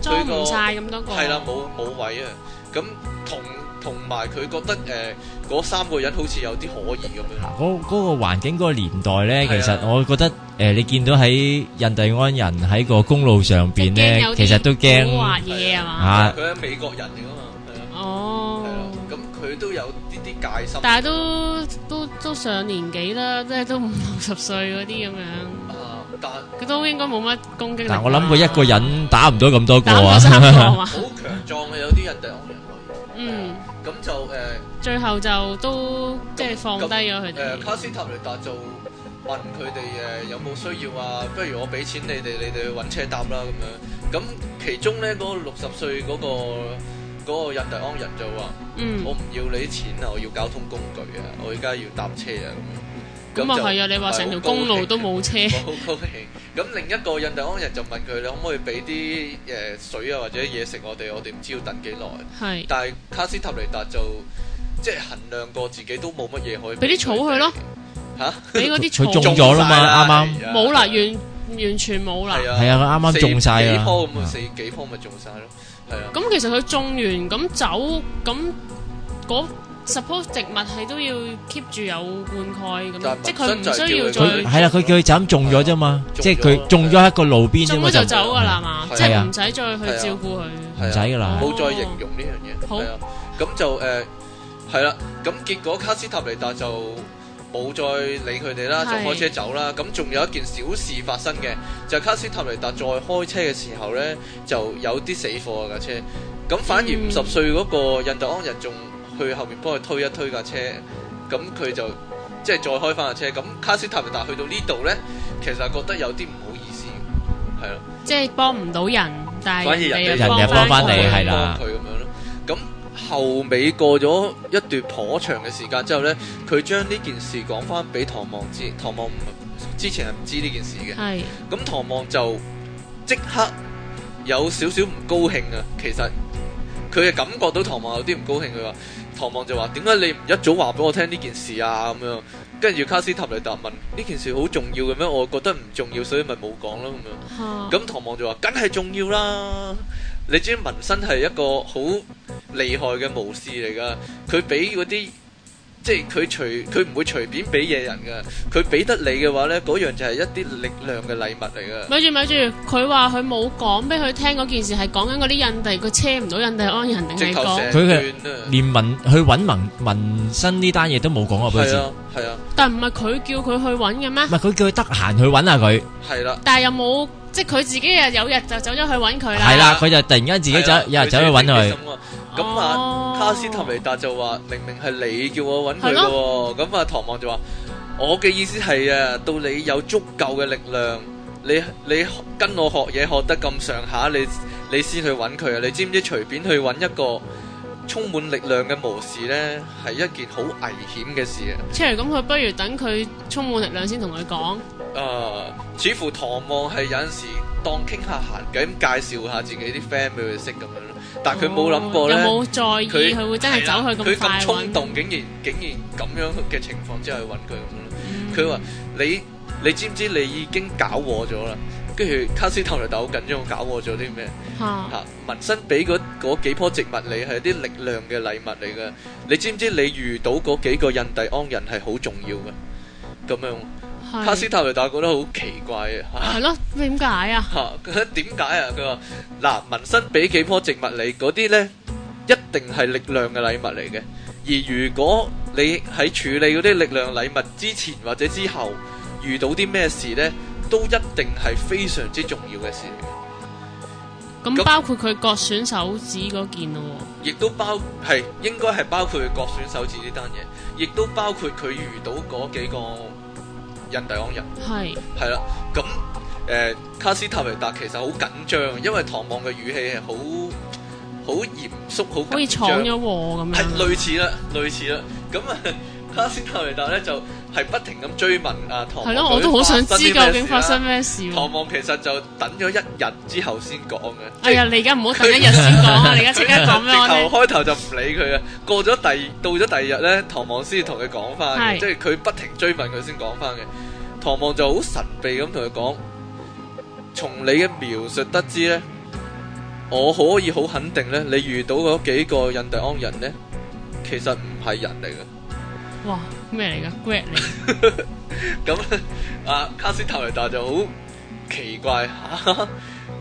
B: 裝唔曬咁多個，係啦，冇冇位啊，咁同。同埋佢覺得誒嗰三個人好似有啲可疑咁樣。
C: 嗰嗰個環境嗰個年代咧，其實我覺得誒你見到喺印第安人喺個公路上邊咧，其實都驚。嘢係嘛？啊！佢係
B: 美國人嚟㗎嘛？係啊！哦。咁佢都有啲啲戒心。但係都
A: 都都上年紀啦，即係都五六十歲嗰啲咁樣。但佢都應該冇乜攻擊力。但我諗佢一個人
C: 打唔到咁多個啊。打過三個係嘛？好
B: 強壯嘅有啲印第安人。嗯。咁就誒，呃、最後就都即係、就是、放低咗佢哋。誒、嗯呃、卡斯塔尼達就問佢哋誒有冇需要啊？不如我俾錢你哋，你哋去揾車搭啦咁樣。咁其中咧嗰六十歲嗰、嗰個嗰個印第安人就話：嗯，我唔要你錢啊，我要交通工具啊，我而家要搭車啊咁。咁啊係啊，你話成條公路都冇車。 咁另一個印第安人就問佢：你可唔可以俾啲誒水啊，或者嘢食我哋？我哋唔知要等幾耐。係。但係卡斯塔尼達就即係衡量過自己都冇乜嘢可以。俾啲草佢咯。嚇！俾嗰啲草。佢
A: 種
C: 咗啦嘛，啱啱。冇啦，
A: 完完全冇啦。係啊，
C: 係啊，佢啱啱種曬啦。幾棵
B: 咁啊？四幾棵咪種曬咯。係啊。咁
A: 其實佢種完咁走咁嗰。support 植物係都要 keep 住有灌溉咁，即係佢唔需要再
C: 係啦。佢佢就咁種咗啫嘛，即係佢種咗喺個路邊啫嘛，就走噶啦嘛，即係唔使
A: 再去照顧
C: 佢，唔使噶啦，冇再
B: 形容呢樣嘢。好啊，咁就誒係啦。咁結果卡斯塔尼達就冇再理佢哋啦，就開車走啦。咁仲有一件小事發生嘅，就卡斯塔尼達在開車嘅時候咧，就有啲死火架車。咁反而五十歲嗰個印第安人仲。去後面幫佢推一推架車，咁佢就即係再開翻架車。咁卡斯塔尼達去到呢度咧，其實覺得有啲唔好意思，係咯，即
A: 係幫唔到人，但係反而人又幫翻你，係啦，幫佢
B: 咁他的樣咯。咁後尾過咗一段頗長嘅時間之後咧，佢將呢件事講翻俾唐望知，唐望之前係唔知呢件事嘅。係的。咁唐望就即刻有少少唔高興啊！其實佢係感覺到唐望有啲唔高興，佢話。唐望就話：點解你唔一早話俾我聽呢件事啊？咁樣，跟住卡斯塔尼達問：呢件事好重要嘅咩？我覺得唔重要，所以咪冇講咯咁樣。咁唐、嗯、望就話：梗係重要啦！你知紋身係一個好厲害嘅巫師嚟噶，佢俾嗰啲。即係佢隨佢唔會隨便俾嘢人㗎，佢俾得你嘅話咧，嗰樣就係一啲力量嘅禮物嚟㗎。咪
A: 住咪住，佢話佢冇講俾佢聽嗰件事，係講緊嗰啲印地佢車唔到印第安人定係講佢嘅
B: 連民去
C: 揾紋紋身呢單嘢都冇講過俾佢知啊！不時係啊
B: 係
A: 啊，但唔係佢叫佢去揾嘅咩？唔係
C: 佢叫佢得閒去揾下佢，
B: 係啦。
A: 但係又冇即係佢自己啊有日就走咗去揾佢
B: 啦。係啦，佢就突然間自己走有日走去揾佢。咁啊，卡斯塔尼達就話：明明係你叫我揾佢嘅，咁啊，唐望就話：我嘅意思係啊，到你有足夠嘅力量，你你跟我學嘢學得咁上下，你你先去揾佢啊！你知唔知隨便去揾一個充滿力量嘅魔士咧，係一件好危險嘅事啊，
A: 車！咁佢不如等佢充滿力量先同佢
B: 講。誒、呃，似乎唐望係有陣時當傾下閒偈，咁介紹下自己啲 friend 俾佢識咁樣咯。但佢冇諗過咧，哦、冇在意。佢他會真係走去咁快。佢咁衝動，竟然竟然咁樣嘅情況之下去揾佢咁樣。佢話、嗯：你你知唔知你已經搞我咗啦？跟住卡斯塔尼達就好緊張，我搞我咗啲咩？嚇、嗯！紋身俾嗰幾棵植物，你係啲力量嘅禮物嚟嘅。你知唔知你遇到嗰幾個印第安人係好重要嘅？咁樣。卡斯塔尼達覺得好奇怪的啊！係
A: 咯，咩點解啊？
B: 點解啊？佢話嗱，紋身俾幾棵植物你，嗰啲呢，一定係力量嘅禮物嚟嘅。而如果你喺處理嗰啲力量禮物之前或者之後遇到啲咩事呢,都一定係非常之重要嘅事。
A: 咁包括佢割損手指嗰件咯、
B: 哦。亦都包係，應該係包括佢割損手指呢單嘢，亦都包括佢遇到嗰幾個。印第安人，係係啦，咁誒是、呃、卡斯塔尼達其實好緊張，因為唐望嘅語氣係好好嚴肅，好似闖咗禍咁樣，係類似啦，類似啦，咁啊。卡斯塔尼達咧就係不停咁追問阿唐係咯，我都好想知究竟發生咩事啊。唐望其實就等咗一日之後先講嘅。哎呀，
A: 你而家唔好等一日先講啊！他你而家即刻講咩？頭
B: 開頭就唔理佢啊， 過咗第二，到咗第二日咧，唐望先同佢講翻，是即係佢不停追問佢先講翻嘅。唐望就好神秘咁同佢講，從你嘅描述得知咧，我可以好肯定咧，你遇到嗰幾個印第安人咧，其實唔係人嚟嘅。
A: 哇咩嚟噶
B: ？Grab 嚟，咁啊卡斯塔尼達就好奇怪吓，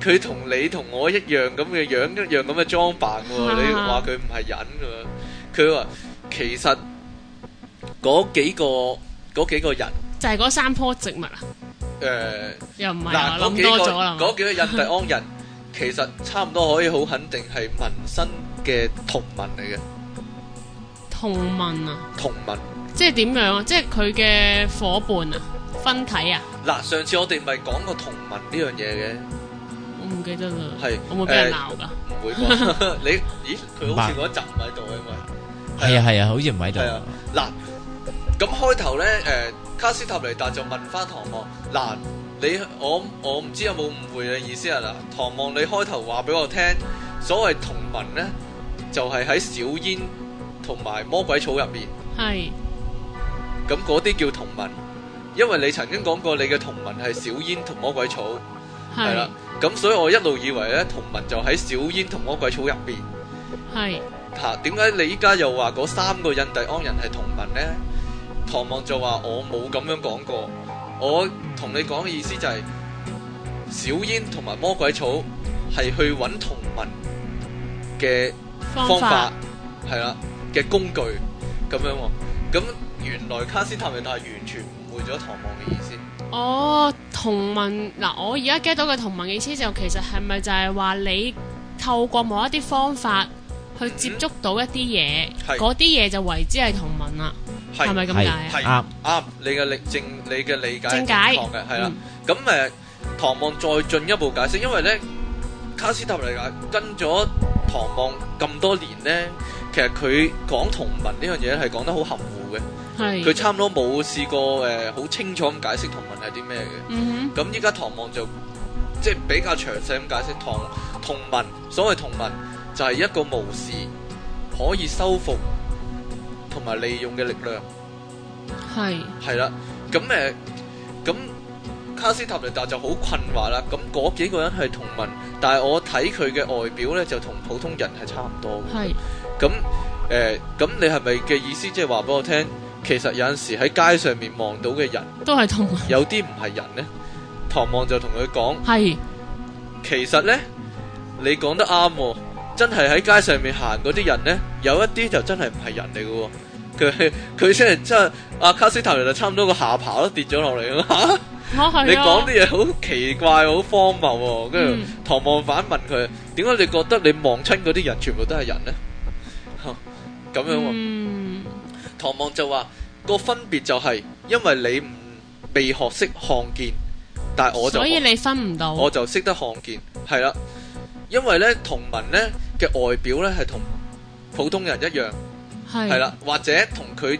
B: 佢同你同我一樣咁嘅樣，一樣咁嘅裝扮喎。你話佢唔係人噶，佢話其實嗰幾個嗰幾個人
A: 就係嗰三棵植
B: 物啊。誒，
A: 又唔係諗多咗啦嘛。嗰
B: 幾個印第安人其實差唔多可以好肯定係民生嘅同民嚟嘅，
A: 同民啊，
B: 同民。
A: 即係點樣啊？即係佢嘅伙伴啊？分體啊？
B: 嗱，上次我哋咪講過同文呢樣嘢嘅，
A: 我唔記得啦。係我唔會
B: 俾人鬧噶？唔會。 你咦？佢好似嗰集唔喺度因為
C: 啊？係啊係啊，好似唔喺度。係啊。
B: 嗱，咁開頭咧，誒、啊，卡斯塔尼達就問翻唐望：嗱，你我我唔知有冇誤會嘅意思啊？嗱，唐望，你開頭話俾我聽，所謂同文咧，就係、是、喺小煙同埋魔鬼草入面。係。咁嗰啲叫同文，因為你曾經講過你嘅同文係小煙同魔鬼草，係啦。咁所以我一路以為咧，同文就喺小煙同魔鬼草入邊。係，吓點解你依家又話嗰三個印第安人係同文咧？唐望就話，我冇咁樣講過，我同你講嘅意思就係小煙同埋魔鬼草係去揾同文嘅方法，係啦，嘅工具咁樣喎，咁。原來卡斯塔尼達係完全誤會咗唐望嘅意思。
A: 哦，同文嗱、啊，我而家 get 到嘅同文嘅意思就是、其實係咪就係話你透過某一啲方法去接觸到一啲嘢，嗰啲嘢就為之係同文啦。
B: 係咪咁解啊？啱啱你嘅力正，你嘅理解正確嘅係啦。咁誒，唐望再進一步解釋，因為咧卡斯塔尼達跟咗唐望咁多年咧，其實佢講同文呢樣嘢係講得好含糊。佢差唔多冇試過誒，好、呃、清楚咁解釋同文係啲咩嘅。咁依家唐望就即係、就是、比較詳細咁解釋同同文，所謂同文就係、是、一個無視可以收復同埋利用嘅力量。
A: 係
B: 係啦，咁誒咁卡斯塔尼達就好困惑啦。咁嗰幾個人係同文，但係我睇佢嘅外表咧就同普通人係差唔多。係咁誒，咁、呃、你係咪嘅意思即係話俾我聽？其實有陣時喺街上面望到嘅人都係同有，啲唔係人呢，唐望就同佢講：係是其實呢，你講得啱，哦，真係喺街上面行嗰啲人呢，有一啲就真係唔係人嚟嘅，哦。佢佢即係即係阿卡斯塔就差唔多個下巴都跌咗落嚟啊！我，啊啊，
A: 你講啲
B: 嘢好奇怪，好荒謬，哦。跟住，嗯、唐望反問佢：點解你覺得你望親嗰啲人全部都係人呢？」咁樣啊？唐望就話：個分別就係，因為你唔未學識看見，但係我就所以
A: 你分唔到，我
B: 就識得看見，係啦。因為咧，同文咧嘅外表咧係同普通人一樣，
A: 係啦的，
B: 或者同佢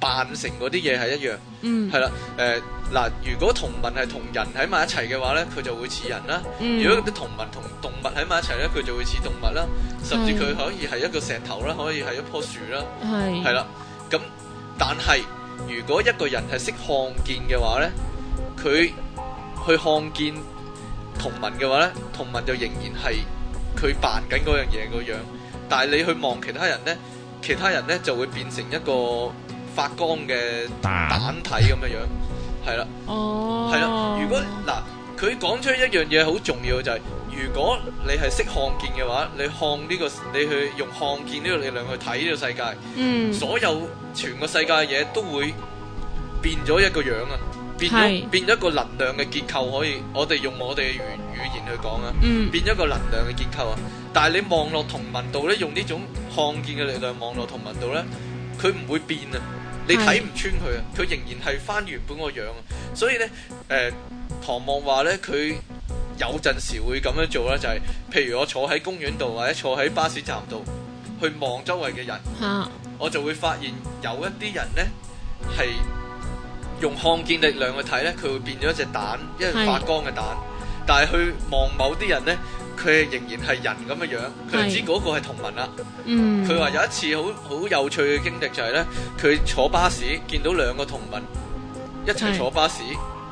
B: 扮成嗰啲嘢係一樣，嗯，係啦。誒、呃、嗱，如果同文係同人喺埋一齊嘅話咧，佢就會似人啦；嗯、如果啲同文同動物喺埋一齊咧，佢就會似動物啦。甚至佢可以係一個石頭啦，可以係一棵樹啦，係的，係啦。的的咁，但係如果一個人係識看見嘅話呢，佢去看見同文嘅話呢，同文就仍然係佢扮緊嗰樣嘢嗰樣，但係你去望其他人呢，其他人呢就會變成一個發光嘅蛋體咁嘅樣，係啦，哦，係啦，如果嗱。佢講出一樣嘢好重要嘅就係、是，如果你係識看見嘅話，你看呢、這個，你去用看見呢個力量去睇呢個世界，嗯，所有全個世界嘅嘢都會變咗一個樣啊，變咗是變咗一個能量嘅結構，可以我哋用我哋嘅語言去講啊，嗯，變咗一個能量嘅結構啊，但係你望落同文度呢，用呢種看見嘅力量望落同文度呢，佢唔會變啊，你睇唔穿佢啊，佢是仍然係返原本個樣啊，所以呢。誒、呃。唐望話咧，佢有陣時會咁樣做咧，就係、是、譬如我坐喺公園度或者坐喺巴士站度，去望周圍嘅人，哈我就會發現有一啲人咧係用看見力量去睇咧，佢會變咗一隻蛋，一個發光嘅蛋。是但係去望某啲人咧，佢仍然係人咁嘅樣，唔知嗰個係同文啦、啊。佢話、嗯、有一次好好有趣嘅經歷就係咧，佢坐巴士見到兩個同文一齊坐巴士。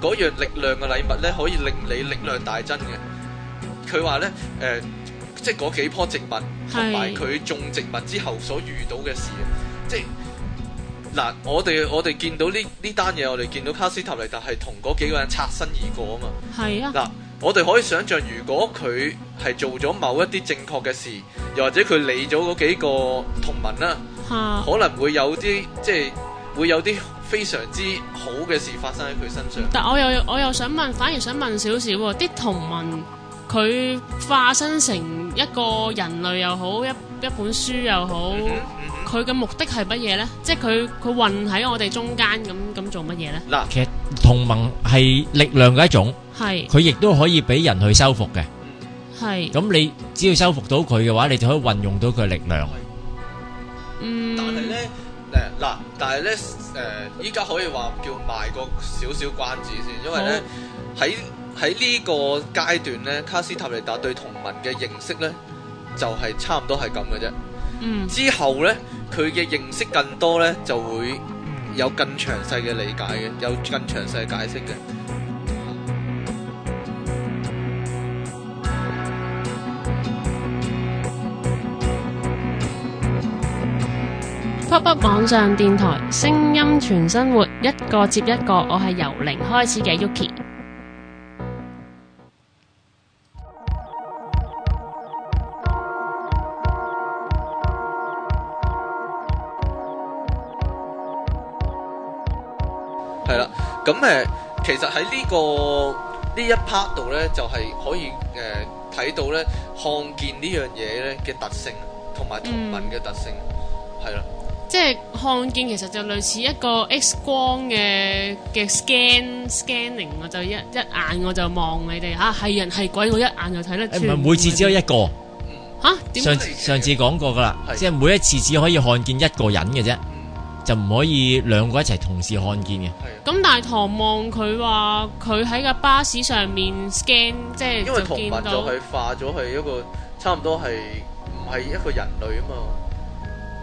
B: 嗰樣力量嘅禮物咧，可以令你力量大增嘅。佢話咧，誒、呃，即係嗰幾棵植物同埋佢種植物之後所遇到嘅事，是即係嗱，我哋我哋見到呢呢單嘢，我哋見到卡斯塔尼達係同嗰幾個人擦身而過啊嘛。係啊。嗱，我哋可以想像，如果佢係做咗某一啲正確嘅事，又或者佢理咗嗰幾個同盟啦，是可能會有啲即係會有啲。非常之好嘅事發生喺佢身上，
A: 但係我又我又想問，反而想問少少，啲同盟佢化身成一個人類又好，一一本書又好，佢嘅目的係乜嘢呢？即係佢佢混喺我哋中間咁咁做乜嘢呢？嗱，
C: 其實同盟係力量嘅一種，係，佢亦都可以俾人去修復嘅，
A: 係，
C: 咁你只要修復到佢嘅話，你就可以運用到佢嘅力量。
B: 誒，嗱、啊，但係咧，誒、呃，依家可以話叫賣個少少關子先，因為咧喺喺呢的個階段咧，卡斯塔尼達對同盟嘅認識咧就係、是、差唔多係咁嘅啫。嗯，之後咧佢嘅認識更多咧就會有更詳細嘅理解嘅，有更詳細解釋嘅。
A: 北北網上電台，聲音全生活，一個接一個。我係由零開始嘅 Yuki。
B: 係啦，咁誒，其實喺呢個呢一 part 度呢，就係可以誒睇到呢，看見呢樣嘢呢嘅特性，同埋同文嘅特性，係啦。
A: 即係看見其實就類似一個 X 光嘅嘅 scan scanning，我就一一眼我就望你哋吓，係、啊、人係鬼，我一眼就睇得出。出、欸。唔係每次只有一個吓？
C: 上次講過㗎喇，的即係每一次只可以看見一個人嘅啫，的就唔可以兩個一齊同時看見嘅。
A: 咁但係唐望佢話佢喺個巴士上面 scan，即係就見到係
B: 化咗係一個差唔多係唔係一個人類啊嘛。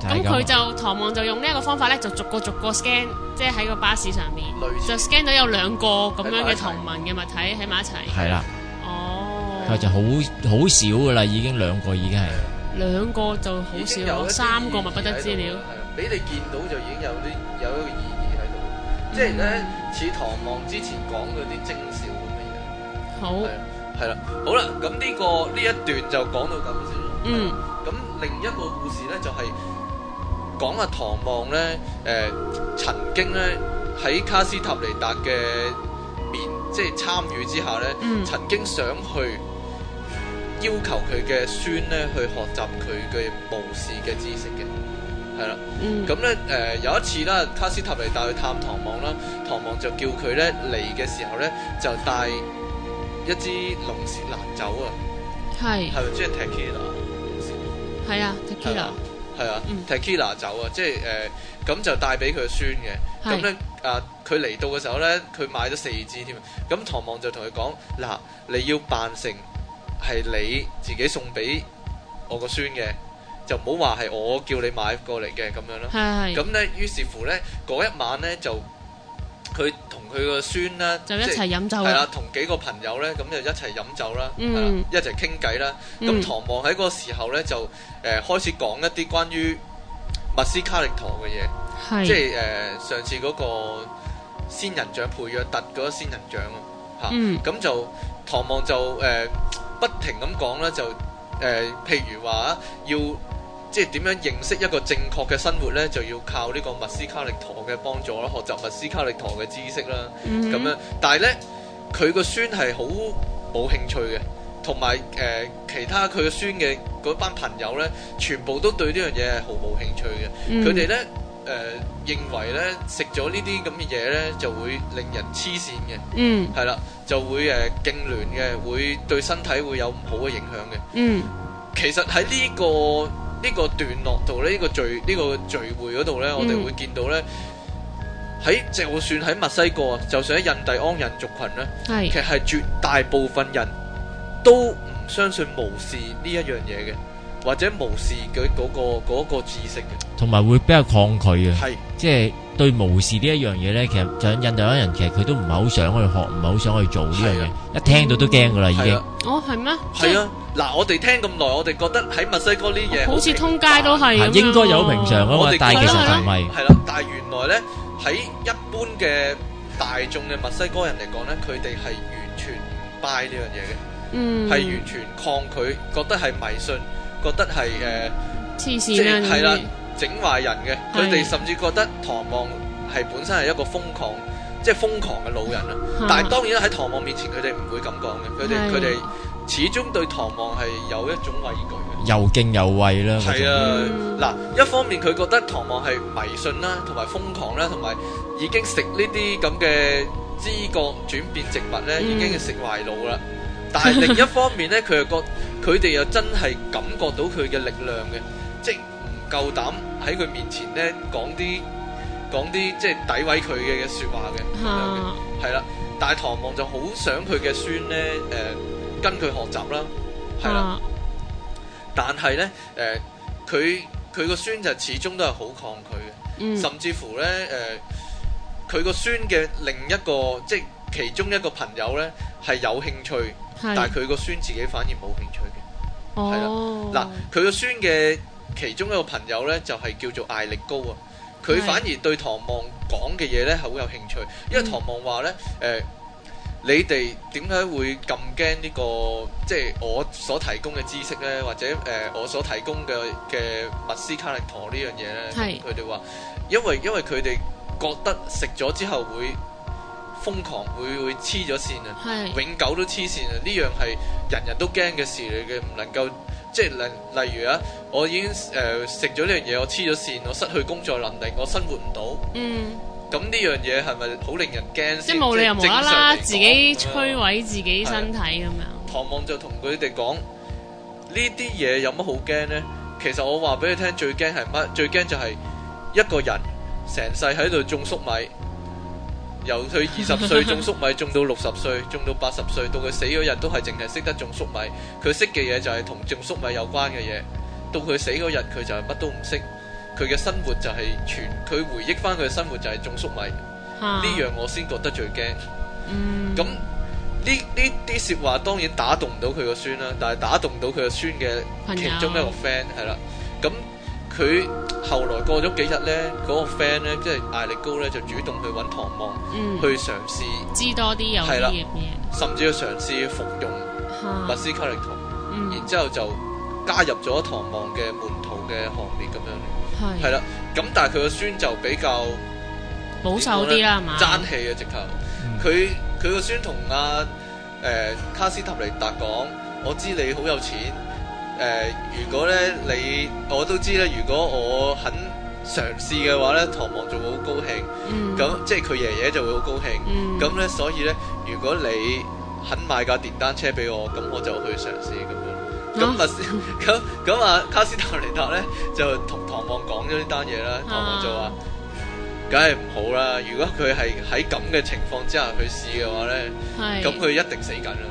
C: 咁佢
A: 就唐望就用呢一個方法咧，就逐個逐個 scan，即係喺個巴士上面就 scan 到有兩個咁樣嘅同盟嘅物體喺埋一齊。
C: 係啦，哦，佢就好好少噶啦，已經兩個已經係。
A: 兩個就好少，三個咪不得資料。
B: 你哋見到就已經有啲有一個意義喺度，即係咧似唐望之前講嗰啲徵兆咁
A: 樣。
B: 好係啦，好啦，咁呢個呢一段就講到咁先咯。嗯，咁另一個故事咧就係。講阿唐望咧，誒、呃，曾經咧喺卡斯塔尼達嘅面，即係參與之下咧，嗯、曾經想去要求佢嘅孫咧去學習佢嘅武士嘅知識嘅，係啦。咁咧、嗯，誒、呃，有一次啦，卡斯塔尼達去探唐望啦，唐望就叫佢咧嚟嘅時候咧，就帶一支龍舌蘭酒啊，
A: 係，係咪
B: 即係 tequila，係
A: 啊，tequila
B: 係啊，tequila 酒啊，mm hmm。即係誒，咁、呃、就帶俾佢個孫嘅。咁咧是，啊，佢、呃、嚟到嘅時候咧，佢買咗四支添。咁唐望就同佢講：嗱，你要扮成係你自己送俾我個孫嘅，就唔好話係我叫你買過嚟嘅咁樣咯。係係是。咁咧，於是乎咧，嗰一晚咧就。佢同佢個孫咧，就一齊飲酒。係啦，同幾個朋友咧，咁就一齊飲酒啦、嗯，一齊傾偈啦。咁、嗯、唐望喺嗰個時候咧，就、呃、誒開始講一啲關於密斯卡力陀嘅嘢，是即係誒、呃、上次嗰個仙人掌培約特嗰個仙人掌啊。嚇、嗯！咁就唐望就誒、呃、不停咁講啦，就誒、呃、譬如話要。即係點樣認識一個正確嘅生活呢？就要靠呢個密斯卡力陀嘅幫助啦，學習密斯卡力陀嘅知識啦，咁、mm hmm. 樣。但係呢，佢個孫係好冇興趣嘅，同埋誒其他佢個孫嘅嗰班朋友呢，全部都對呢樣嘢係毫無興趣嘅。佢哋、mm hmm. 呢，誒、呃、認為呢食咗呢啲咁嘅嘢呢，就會令人黐線嘅，係啦、mm hmm.，就會誒痙、呃、攣嘅，會對身體會有唔好嘅影響嘅。Mm hmm. 其實喺呢、這個呢個段落度呢、呢個聚呢、呢個聚會嗰度呢，我哋會見到呢喺就算喺墨西哥啊，就算喺印第安人族群咧，是其實係絕大部分人都唔相信無視呢一樣嘢嘅，或者無視佢嗰個嗰
C: 個知識嘅，同埋會比較抗拒嘅，係即係。就是對無視呢一樣嘢咧，其實就印度嗰啲人，其實佢都唔係好想去學，唔係好想去做呢樣嘢，一聽到
B: 都驚噶啦，已經。
A: 哦，係咩？係啊，
B: 嗱，我哋聽咁耐，我哋覺得喺墨西哥呢嘢，好似通
A: 街都係。應該有平常
B: 啊嘛，但係其實唔係。係啦，但係原來咧，喺一般嘅大眾嘅墨西哥人嚟講咧，佢哋係完全唔拜呢樣嘢嘅，嗯，係完全抗拒，覺得係迷信，覺得係誒，
A: 黐線啦，係啦。
B: 整壞人嘅，佢哋甚至覺得唐望係本身係一個瘋狂，即係瘋狂嘅老人啊！但係當然喺唐望面前，佢哋唔會咁講嘅，佢哋佢哋始終對唐望係有一種畏懼嘅，
C: 又敬又畏啦。係啊，
B: 嗱，一方面佢覺得唐望係迷信啦，同埋瘋狂啦，同埋已經食呢啲咁嘅知覺轉變植物咧，已經係食壞腦啦。但係另一方面咧，佢又覺佢哋又真係感覺到佢嘅力量嘅，即係。夠膽喺佢面前咧講啲講啲即係詆毀佢嘅說話嘅，係啦。但係唐望就好想佢嘅孫咧，誒跟佢學習啦，係啦。但係咧，誒佢佢個孫就始終都係好抗拒嘅，甚至乎咧，誒佢個孫嘅另一個即係其中一個朋友咧係有興趣，但係佢個孫自己反而冇興趣嘅，
A: 係啦。
B: 嗱，佢個孫嘅。其中一個朋友呢，就係、是、叫做艾力高啊，
A: 佢反而
B: 對唐望講嘅嘢呢，係好有興趣，因為唐望話呢，誒、嗯呃，你哋點解會咁驚呢個即係我所提供嘅知識呢，或者誒、呃、我所提供嘅嘅麥斯卡力陀呢樣嘢呢，佢哋話，因為因為佢哋覺得食咗之後會瘋狂，會會黐咗線啊，是永久都黐線啊，呢樣係人人都驚嘅事嚟嘅，唔能夠。即係例例如啊，我已經誒食咗呢樣嘢，我黐咗線，我失去工作能力，我生活唔到。
A: 嗯。
B: 咁呢樣嘢係咪好令人驚？即係冇理由無啦啦自己摧
A: 毀自己身體
B: 咁樣。對唐望就同佢哋講：呢啲嘢有乜好驚呢？其實我話俾你聽，最驚係乜？最驚就係一個人成世喺度種粟米。 由佢二十歲種粟米，種到六十歲，種到八十歲，到佢死嗰日都係淨係識得種粟米。佢識嘅嘢就係同種粟米有關嘅嘢。到佢死嗰日，佢就係乜都唔識。佢嘅生活就係全，佢回憶翻佢嘅生活就係種粟米。呢、啊、樣我先覺得最驚。嗯。咁呢呢啲說話當然打動唔到佢個孫啦，但係打動到佢個孫嘅其中一個 friend 係啦。友佢後來過咗幾日咧，嗰、那個 friend 咧，即係艾力高咧，就主動去揾唐望，嗯、去嘗試
A: 知多啲有啲嘅嘢，
B: 甚至去嘗試服用麥斯卡力圖，嗯、然之後就加入咗唐望嘅門徒嘅行列咁樣。係啦是，咁但係佢個孫就比較保
A: 守啲啦，係嘛？爭氣
B: 啊，直、呃、頭。佢佢個孫同阿誒卡斯塔尼達講：我知你好有錢。誒、呃，如果咧你，我都知咧。如果我肯嘗試嘅話咧，唐望就會好高興。嗯。咁即係佢爺爺就會好高興。嗯。咁咧，所以咧，如果你肯買架電單車俾我，咁我就去嘗試咁樣。咁咁咁啊， 啊卡斯塔尼達咧就同唐望講咗呢單嘢啦。唐望就話：梗係唔好啦。如果佢係喺咁嘅情況之下佢試嘅話咧，係是。咁佢一定死梗啦。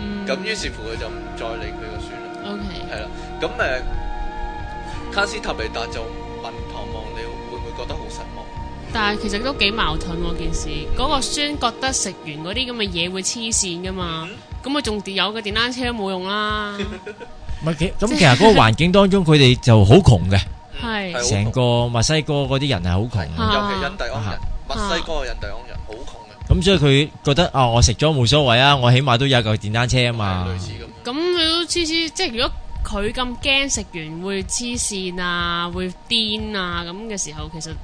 B: 嗯。咁於是乎佢就唔再理佢個。O K，係啦，咁誒，卡斯塔尼達就問唐望，你會唔會覺得好失望？但係其實
A: 都幾矛盾喎，件事，嗰個孫覺得食完嗰啲咁嘅嘢會黐綫噶嘛，咁啊仲有個電單車都冇用啦。
C: 唔係幾，咁其實嗰個環境當中，佢哋就好窮嘅，
A: 係成
C: 個墨西哥嗰啲人係好窮，尤其印第安人，
A: 墨西
B: 哥嘅印第安人好窮
C: 嘅。咁所以佢覺得啊，我食咗冇所謂啊，我起碼都有個電單車啊嘛。
A: 咁佢都黐黐，即係如果佢咁驚食完會黐綫啊，會癲啊咁嘅時候，其實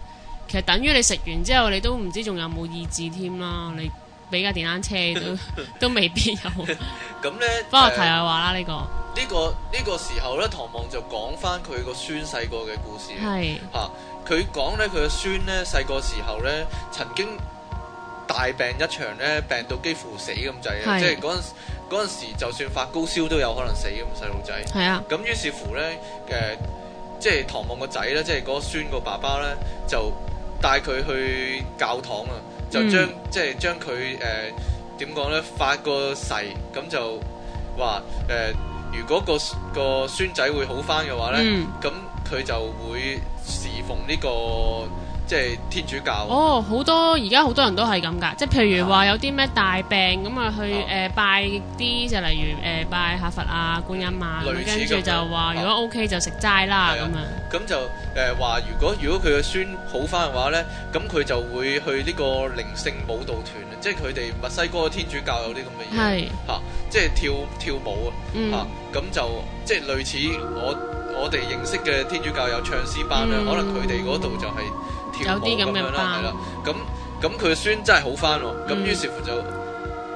A: 其實等於你食完之後，你都唔知仲有冇意志添啦。你俾架電單車都 都未必有。
B: 咁咧 呢，翻落題外話啦，呢個呢、呃這個呢、這個時候咧，唐望就講翻佢個孫細個嘅故事。係吓是，佢講咧佢個孫咧細個時候咧，曾經大病一場咧，病到幾乎死咁滯嘅，即係嗰陣。嗰陣時，就算發高燒都有可能死咁細路仔。係啊，咁 於是乎呢，誒、呃，即係唐望個仔呢，即係嗰孫個爸爸呢，就帶佢去教堂啊，就將即係、嗯、將佢誒點講呢？發個誓咁就話誒、呃，如果、那個個孫仔會好翻嘅話呢，咁佢、嗯、就會侍奉呢、這個。即係天主教哦，
A: 好多而家好多人都係咁噶，即係譬如話有啲咩大病咁啊，去誒拜啲就例如誒拜下佛啊、觀音啊，類似嘅，跟住就話如果 OK 就食齋啦咁啊。
B: 咁就誒話如果如果佢嘅孫好翻嘅話咧，咁佢就會去呢個靈性舞蹈團，即係佢哋墨西哥天主教有啲咁嘅嘢，嚇，即係跳跳舞啊，嚇，咁就即係類似我我哋認識嘅天主教有唱詩班啊，可能佢哋嗰度就係。跳樣有啲咁嘅啦，係啦，咁咁佢嘅孫真係好返喎、哦，咁、嗯、於是乎就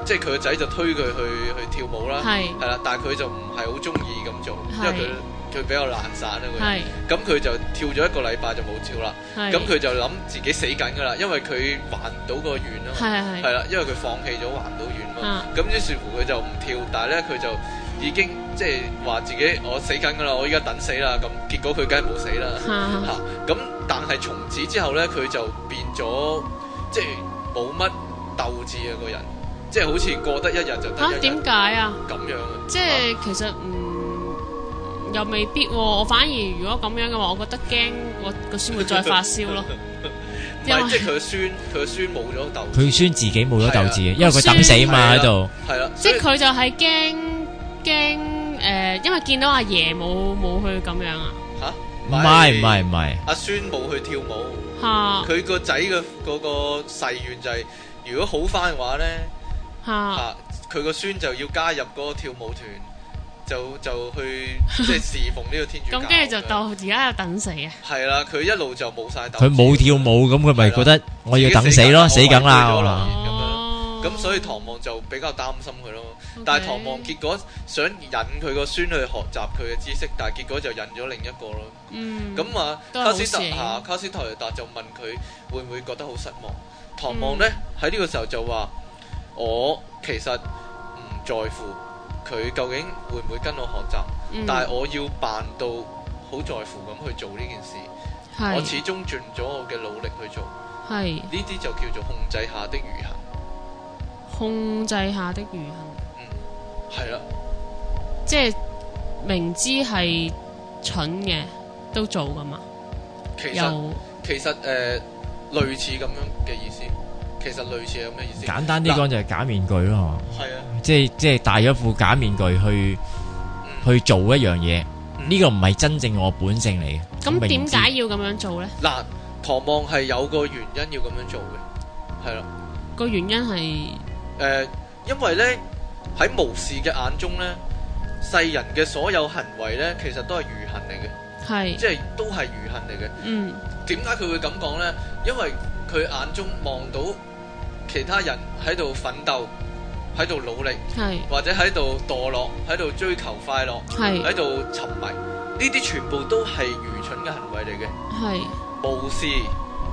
B: 即係佢嘅仔就推佢去去跳舞啦，係是，係啦，但係佢就唔係好中意咁做，因為佢佢是比較懶散啊，佢是，咁佢就跳咗一個禮拜就冇跳啦，咁佢是就諗自己死緊㗎啦，因為佢還唔到個願咯、啊，係係，係啦，因為佢放棄咗還唔到願嘛、啊，咁的於是乎佢就唔跳，但係咧佢就。已經即係話自己，我死緊噶啦，我依家等死啦。咁結果佢梗係冇死啦。吓咁、啊啊，但係從此之後咧，佢就變咗即係冇乜鬥志啊！個人即係好似過得一日就得一日。點解啊？咁樣、啊、
A: 即係其實嗯又未必、啊。我反而如果咁樣嘅話，我覺得驚我個孫會再發燒咯。
B: 因為即係佢嘅孫，佢嘅孫冇咗鬥，佢孫自己冇咗鬥志啊。因為佢等死啊嘛喺度，係啦，
A: 即係佢就係驚。驚誒，因為見到阿爺冇冇去咁樣啊？
B: 吓，唔係唔係唔係，阿孫冇去跳舞。吓，佢個仔嘅嗰個誓願就係如果好翻嘅話咧，吓，佢個孫就要加入嗰個跳舞團，就就去即係侍奉呢個天主教。咁跟住就到而家又等死啊！係啦，佢一路就冇晒。佢冇
C: 跳舞，咁佢咪覺得我要等死咯，死梗啦。
B: 咁、oh. 所以唐望就比較擔心佢咯，Okay. 但係唐望結果想引佢個孫去學習佢嘅知識，但係結果就引咗另一個咯。咁、嗯、啊，卡斯特下卡斯塔尼達就問佢會唔會覺得好失望？唐望呢，喺呢、嗯、個時候就話：我其實唔在乎佢究竟會唔會跟我學習，嗯、但係我要扮到好在乎咁去做呢件事。是我始終盡咗我嘅努力去做。呢啲是就叫做控制下的愚行。
A: 控制下的愚行，嗯，
B: 係啦，
A: 即係明知係蠢嘅都做㗎嘛。
B: 其實其實誒，類似咁樣嘅意思。其實類似咁嘅意思。簡單啲講
C: 就係假面具咯，係啊，即係即係戴咗副假面具去去做一樣嘢，呢個唔係真正我本性嚟
A: 嘅。咁點解要咁樣做咧？
B: 嗱，唐望係有個原因要咁樣做嘅，係啦，個原因係。誒、呃，因為咧，喺巫士嘅眼中咧，世人嘅所有行為咧，其實都係愚行嚟嘅，係是，即係都係愚行嚟嘅。嗯，點解佢會咁講咧？因為佢眼中望到其他人喺度奮鬥，喺度努力，係是，或者喺度墮落，喺度追求快樂，係是，喺度是沉迷，呢啲全部都係愚蠢嘅行為嚟嘅。係是，是巫士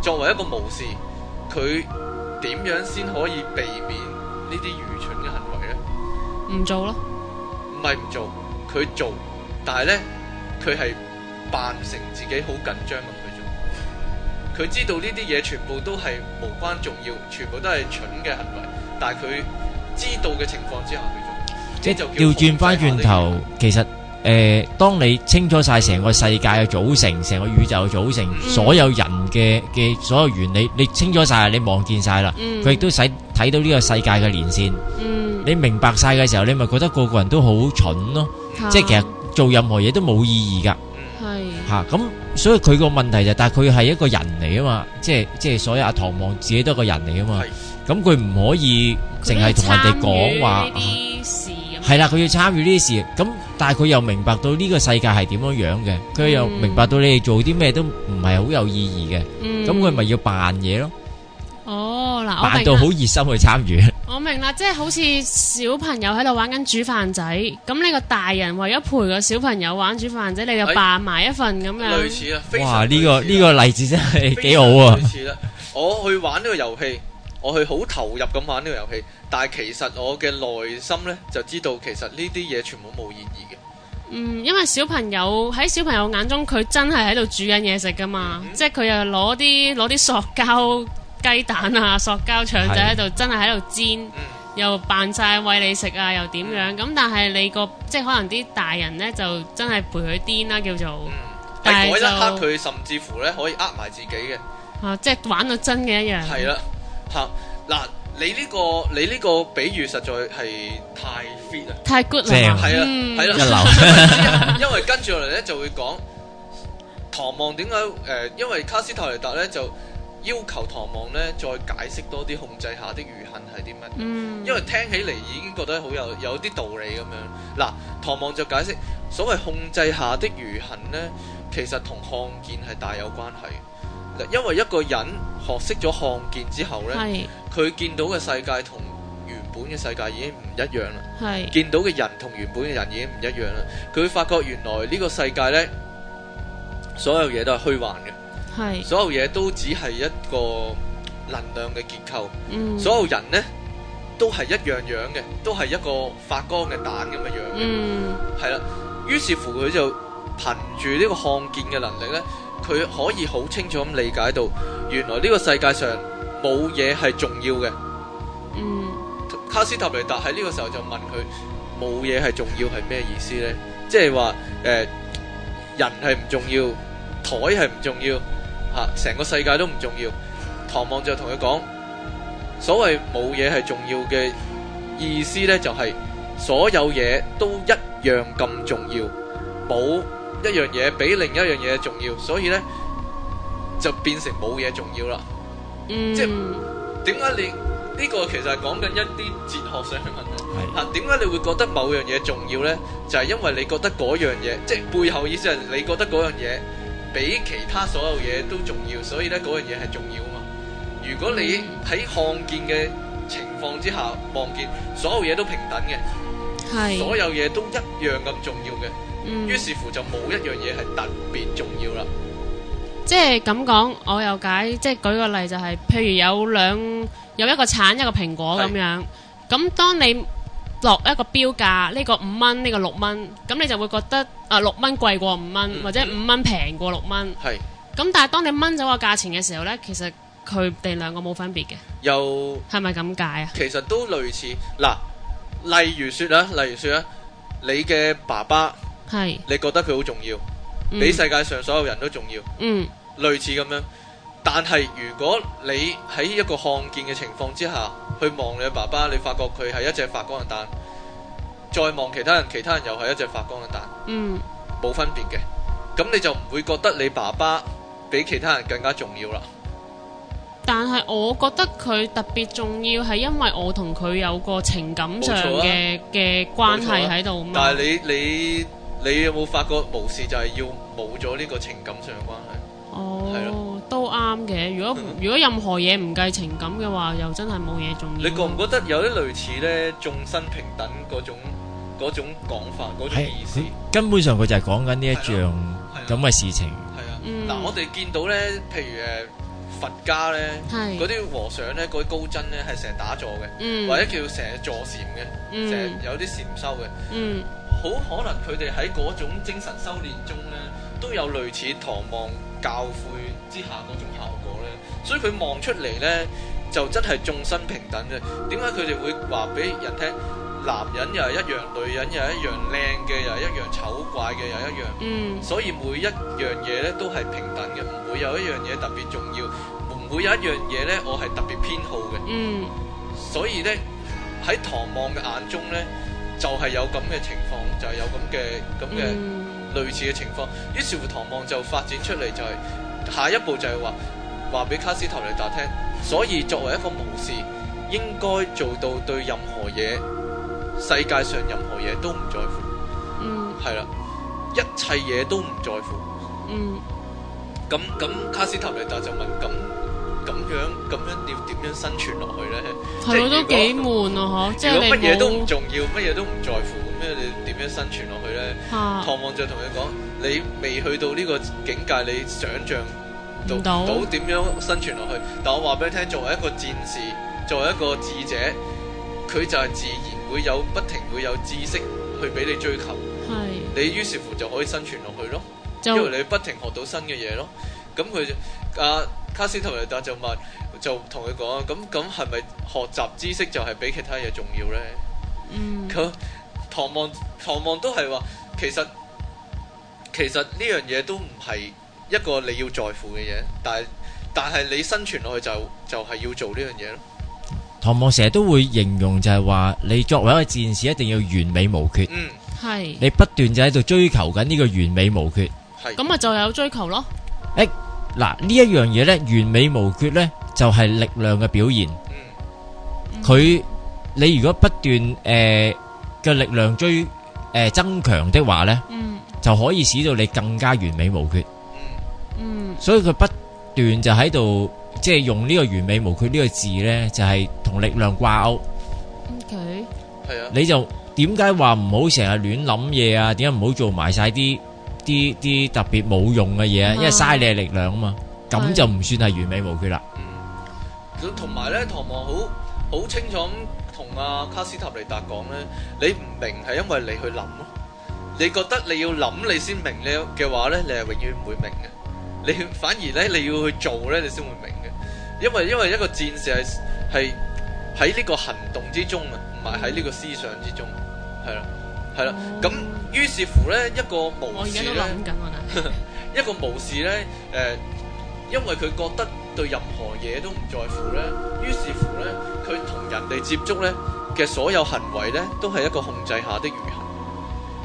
B: 作為一個巫士，佢點樣先可以避免？呢啲愚蠢嘅行為咧，
A: 唔做咯，
B: 唔係唔做，佢做，但係咧，佢係扮成自己好緊張咁去做。佢 知道呢啲嘢全部都係無關重要，全部都係蠢嘅行為，但係佢知道嘅情況之下去做，即係就叫轉翻轉
C: 頭，其實。誒，當你清楚晒成個世界嘅組成，成個宇宙嘅組成，所有人嘅嘅所有原理，你清楚晒，你望見晒啦，佢亦都使睇到呢個世界嘅連線。你明白晒嘅時候，你咪覺得個個人都好蠢咯，即係其實做任何嘢都冇意義噶。係吓咁，所以佢個問題就係，但係佢係一個人嚟，啊嘛，即係即係所有阿唐望自己都係一個人嚟啊嘛。咁佢唔可以淨係同人哋講話，係啦，佢要參與呢啲事咁。但係佢又明白到呢個世界係點樣樣嘅，佢又明白到你哋做啲咩都唔係好有意義嘅，咁佢咪要扮嘢咯？
A: 哦，嗱，扮到好
C: 熱心去參與。
A: 我明啦，即係好似小朋友喺度玩緊煮飯仔，咁你個大人為咗陪個小朋友玩煮飯仔，你就扮埋一份
B: 咁樣。類似啊，哇！呢個呢個例子真係幾好啊！類似啦，我去玩呢個遊戲，我去好投入咁玩呢個遊戲，但係其實我嘅內心呢就知道，其實呢啲嘢全部冇意義。
A: 嗯，因為小朋友喺小朋友眼中，佢真係喺度煮緊嘢食噶嘛，嗯、即係佢又攞啲攞啲塑膠雞蛋啊、塑膠腸仔喺度，真係喺度煎，嗯、又扮晒餵你食啊，又點樣？咁、嗯嗯、但係你個即係可能啲大人呢，就真係陪佢癲啦叫做。嗯，但係嗰一刻佢
B: 甚至乎呢，可以呃埋自己嘅、
A: 啊。啊，即係玩到真嘅一樣。係、啊、啦，
B: 嚇嗱。你呢個你呢個比喻實在係太 fit 啦，太 good 啦，係 Damn. 啊，係啦，一流。因為跟住落嚟咧，就會講唐望點解誒，因為卡斯塔尼達咧就要求唐望咧再解釋多啲控制下的餘恨係啲乜？嗯，因為聽起嚟已經覺得好有有啲道理咁樣。嗱，唐望就解釋所謂控制下的餘恨咧，其實同看見係大有關係。因為一個人學識咗看見之後呢，佢是見到嘅世界同原本嘅世界已經唔一樣啦。是見到嘅人同原本嘅人已經唔一樣啦。佢發覺原來呢個世界呢，所有嘢都係虛幻嘅，是所有嘢都只係一個能量嘅結構。嗯、所有人呢，都係一樣樣嘅，都係一個發光嘅蛋咁嘅樣。嘅、嗯。係於是乎佢就憑住呢個看見嘅能力呢。佢可以好清楚咁理解到，原來呢個世界上冇嘢係重要嘅。嗯，卡斯塔尼達喺呢個時候就問佢冇嘢係重要係咩意思呢？即係話誒，人係唔重要，枱係唔重要，吓成個世界都唔重要。唐望就同佢講，所謂冇嘢係重要嘅意思呢，就係所有嘢都一樣咁重要，冇。一樣嘢比另一樣嘢重要，所以呢就變成冇嘢重要啦。即係點解你呢個，其實係講緊一啲哲學上嘅問題。嗱，點解你會覺得某樣嘢重要呢？就係因為你覺得嗰樣嘢，即係背後意思係你覺得嗰樣嘢比其他所有嘢都重要，所以呢嗰樣嘢係重要啊嘛。如果你喺看見嘅情況之下望見所有嘢都平等嘅，所有嘢都一樣咁重要嘅。於是乎就冇一樣嘢係特別重要啦。
A: 即係咁講，我又解，即係舉個例就係，譬如有兩有一個橙一個蘋果咁樣，咁是當你落一個標價呢個五蚊呢個六蚊，咁你就會覺得啊六蚊貴過五蚊，嗯，或者五蚊平過六蚊。係是。咁但係當你掹咗個價錢嘅時候呢，其實佢哋兩個冇分別嘅。
B: 又係
A: 咪咁解啊？其
B: 實都類似嗱，例如說啦，例如說啦，你嘅爸爸。係，是你覺得佢好重要，比世界上所有人都重要。
A: 嗯，
B: 類似咁樣。但係如果你喺一個看見嘅情況之下，去望你嘅爸爸，你發覺佢係一隻發光嘅蛋，再望其他人，其他人又係一隻發光嘅蛋。嗯，冇分別嘅，咁你就唔會覺得你爸爸比其他人更加重要啦。
A: 但係我覺得佢特別重要，係因為我同佢有個情感上嘅嘅、啊、關係喺度。但係你你。
B: 你你有冇發覺無視就係要冇咗呢個情感上嘅關係？哦，
A: 係咯，都啱嘅。如果如果任何嘢唔計情感嘅話，又真係冇嘢重
B: 要。你覺唔覺得有啲類似咧眾生平等嗰種嗰種講法嗰種意
C: 思？根本上佢就係講緊呢一樣咁嘅事
B: 情。係啊，嗱，我哋見到咧，譬如誒佛家咧，嗰啲和尚咧，嗰啲高僧咧，係成日打坐嘅，或者叫成日坐禪嘅，成日有啲禪修嘅。嗯。好可能佢哋喺嗰種精神修煉中呢，都有類似唐望教誨之下嗰種效果呢。所以佢望出嚟呢，就真係眾生平等嘅。點解佢哋會話俾人聽，男人又係一樣，女人又係一,一,一樣，靚嘅又係一樣，醜怪嘅又一樣。嗯。所以每一樣嘢呢，都係平等嘅，唔會有一樣嘢特別重要，唔會有一樣嘢呢，我係特別偏好嘅。嗯。所以呢，喺唐望嘅眼中呢。就係有咁嘅情況，就係、是、有咁嘅咁嘅類似嘅情況，mm. 於是乎唐望就發展出嚟就係、是、下一步就係話話俾卡斯塔尼達聽，所以作為一個武士應該做到對任何嘢，世界上任何嘢都唔在乎，嗯，係啦，一切嘢都唔在乎，嗯、mm.，咁咁卡斯塔尼達就問咁。咁樣咁樣點點樣生存落去呢？即係都幾
A: 悶啊。吓！如果乜嘢都唔
B: 重要，乜嘢都唔在乎，咁咧你點樣生存落去呢？唐望哈就同你講，你未去到呢個境界，你想象到懂到點樣生存落去？但我話俾你聽，作為一個戰士，作為一個智者，佢就係自然會有不停會有知識去俾你追求。係的。你於是乎就可以生存落去咯，
A: 就因為你
B: 不停學到新嘅嘢咯。咁佢啊。卡斯塔尼達就問，就同佢講啊，「咁咁係咪學習知識就係比其他嘢重要呢？」嗯，佢唐望唐望都係話，其實其實呢樣嘢都唔係一個你要在乎嘅嘢，但係但係你生存落去就就係要做呢樣嘢咯。
C: 唐望成日都會形容就係話，你作為一個戰士一定要完美無缺。嗯，
A: 係，你
C: 不斷就喺度追求緊呢個完美無缺。
A: 係，咁咪就有追求咯。
C: 誒。嗱，呢一樣嘢呢，完美無缺呢，就係、是、力量嘅表現。佢、嗯嗯、你如果不斷誒嘅、呃、力量追、呃、增強的話呢，嗯、就可以使到你更加完美無缺。嗯嗯、所以佢不斷就喺度，即係用呢個完美無缺呢個字呢，就係、是、同力量掛鈎。嗯、o、
A: okay. K，你就
C: 點解話唔好成日亂諗嘢啊？點解唔好做埋晒啲？啲啲特別冇用嘅嘢，因為嘥你嘅力量啊嘛，咁就唔算係完美無缺啦。
B: 嗯，咁同埋咧，唐望好好清楚咁同阿卡斯塔尼達講咧，你唔明係因為你去諗咯，你覺得你要諗你先明你嘅話咧，你係永遠唔會明嘅，你反而咧你要去做咧，你先會明嘅，因為因為一個戰士係係喺呢個行動之中啊，唔係喺呢個思想之中，係啦。係啦，咁於是乎咧，一個無事咧，在在 一個無事咧，誒、呃，因為佢覺得對任何嘢都唔在乎咧，於是乎咧，佢同人哋接觸咧嘅所有行為咧，都係一個控制下的愚行。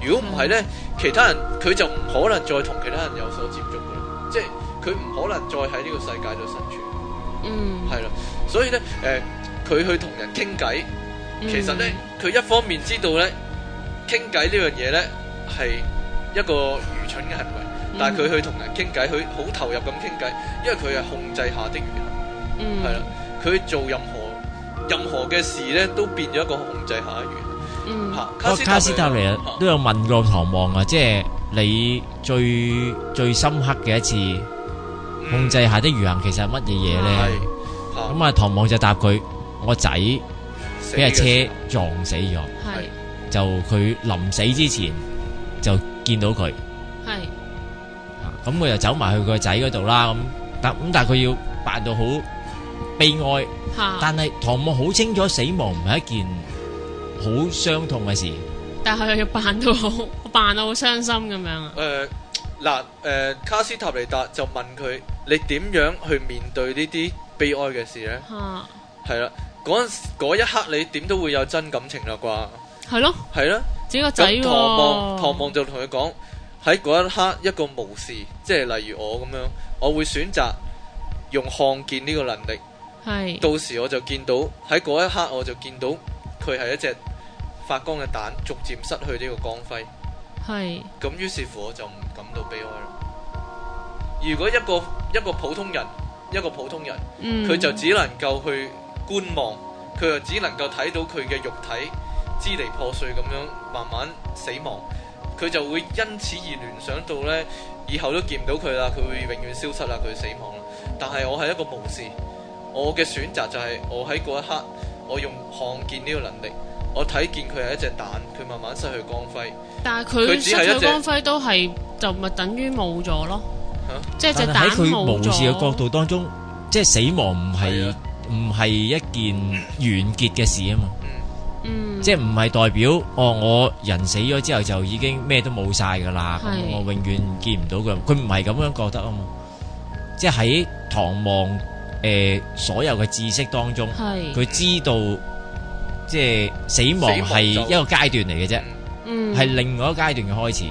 B: 如果唔係咧，嗯、其他人佢就唔可能再同其他人有所接觸嘅，即係佢唔可能再喺呢個世界度生存。嗯，係啦，所以咧，誒、呃，佢去同人傾偈，其實咧，佢、嗯、一方面知道咧。傾偈呢樣嘢咧係一個愚蠢嘅行為，但係佢去同人傾偈，佢好投入咁傾偈，因為佢係控制下的愚行，係啦，佢做任何任何嘅事咧都變咗一個控制下嘅愚行。嗯，吓，卡斯、卡斯塔
C: 尼達啊，都有問過唐望啊，即係你最最深刻嘅一次控制下的愚行，其實係乜嘢嘢咧？咁啊，唐望就答佢：我仔俾架車撞死咗。就佢臨死之前就見到佢係咁，佢又是、嗯、走埋去佢個仔嗰度啦。咁但咁，但佢要扮到好悲哀，哈但係唐望好清楚，死亡唔係一件好傷痛嘅事。
A: 但係佢要扮到好，扮到好傷心咁樣啊、呃。
B: 誒、呃、嗱，誒卡斯塔尼達就問佢：你點樣去面對呢啲悲哀嘅事咧？係啦哈，嗰一刻你點都會有真感情啦啩。係咯，係咯、哦，整個仔喎。唐望，唐望就同佢講喺嗰一刻，一個巫士，即係例如我咁樣，我會選擇用看見呢個能力。
A: 係是。
B: 到時我就見到喺嗰一刻，我就見到佢係一隻發光嘅蛋，逐漸失去呢個光輝。
A: 係是。
B: 咁於是乎，我就唔感到悲哀啦。如果一個一個普通人，一個普通人，佢、嗯、就只能夠去觀望，佢又只能夠睇到佢嘅肉體。支離破碎咁樣，慢慢死亡，佢就會因此而聯想到呢，以後都見唔到佢啦，佢會永遠消失啦，佢會死亡啦。但係我係一個無視，我嘅選擇就係我喺嗰一刻，我用看見呢個能力，我睇見佢係一隻蛋，佢慢慢失去光輝。但係佢失去光
A: 輝都係就咪等於冇咗咯？啊、即係是隻、嗯、蛋佢無視嘅角
C: 度當中，即係死亡唔係唔係一件完結嘅事啊嘛？嗯、即係唔係代表哦，我人死咗之後就已經咩都冇晒噶啦，我永遠見唔到佢。佢唔係咁樣覺得啊嘛、嗯。即係喺唐望誒，所有嘅知識當中，佢係知道即係死亡係一個階段嚟嘅啫，係另外一個階段嘅、嗯、開始。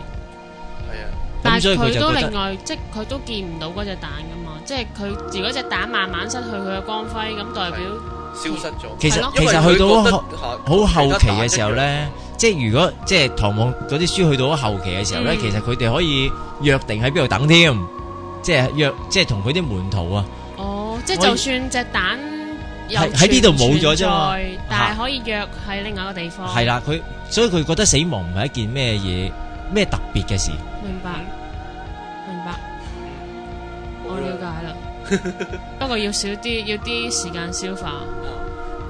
C: 係啊，所以但係佢都另
A: 外，即係佢都見唔到嗰隻蛋噶嘛。即係佢如果隻蛋慢慢失去佢嘅光輝，咁代表。消失咗，其實其實去到
C: 好後期嘅時候咧，即係如果即係唐望嗰啲書去到後期嘅時候咧，嗯、其實佢哋可以約定喺邊度等添、嗯，即係約即係同佢啲門徒
A: 啊。哦，即係我就算隻蛋喺喺呢度冇咗啫，但係可以約喺另外一個地方。係
C: 啦、啊，佢所以佢覺得死亡唔係一件咩嘢咩特別嘅事。
A: 明白。 不過要少啲，要啲時間消化。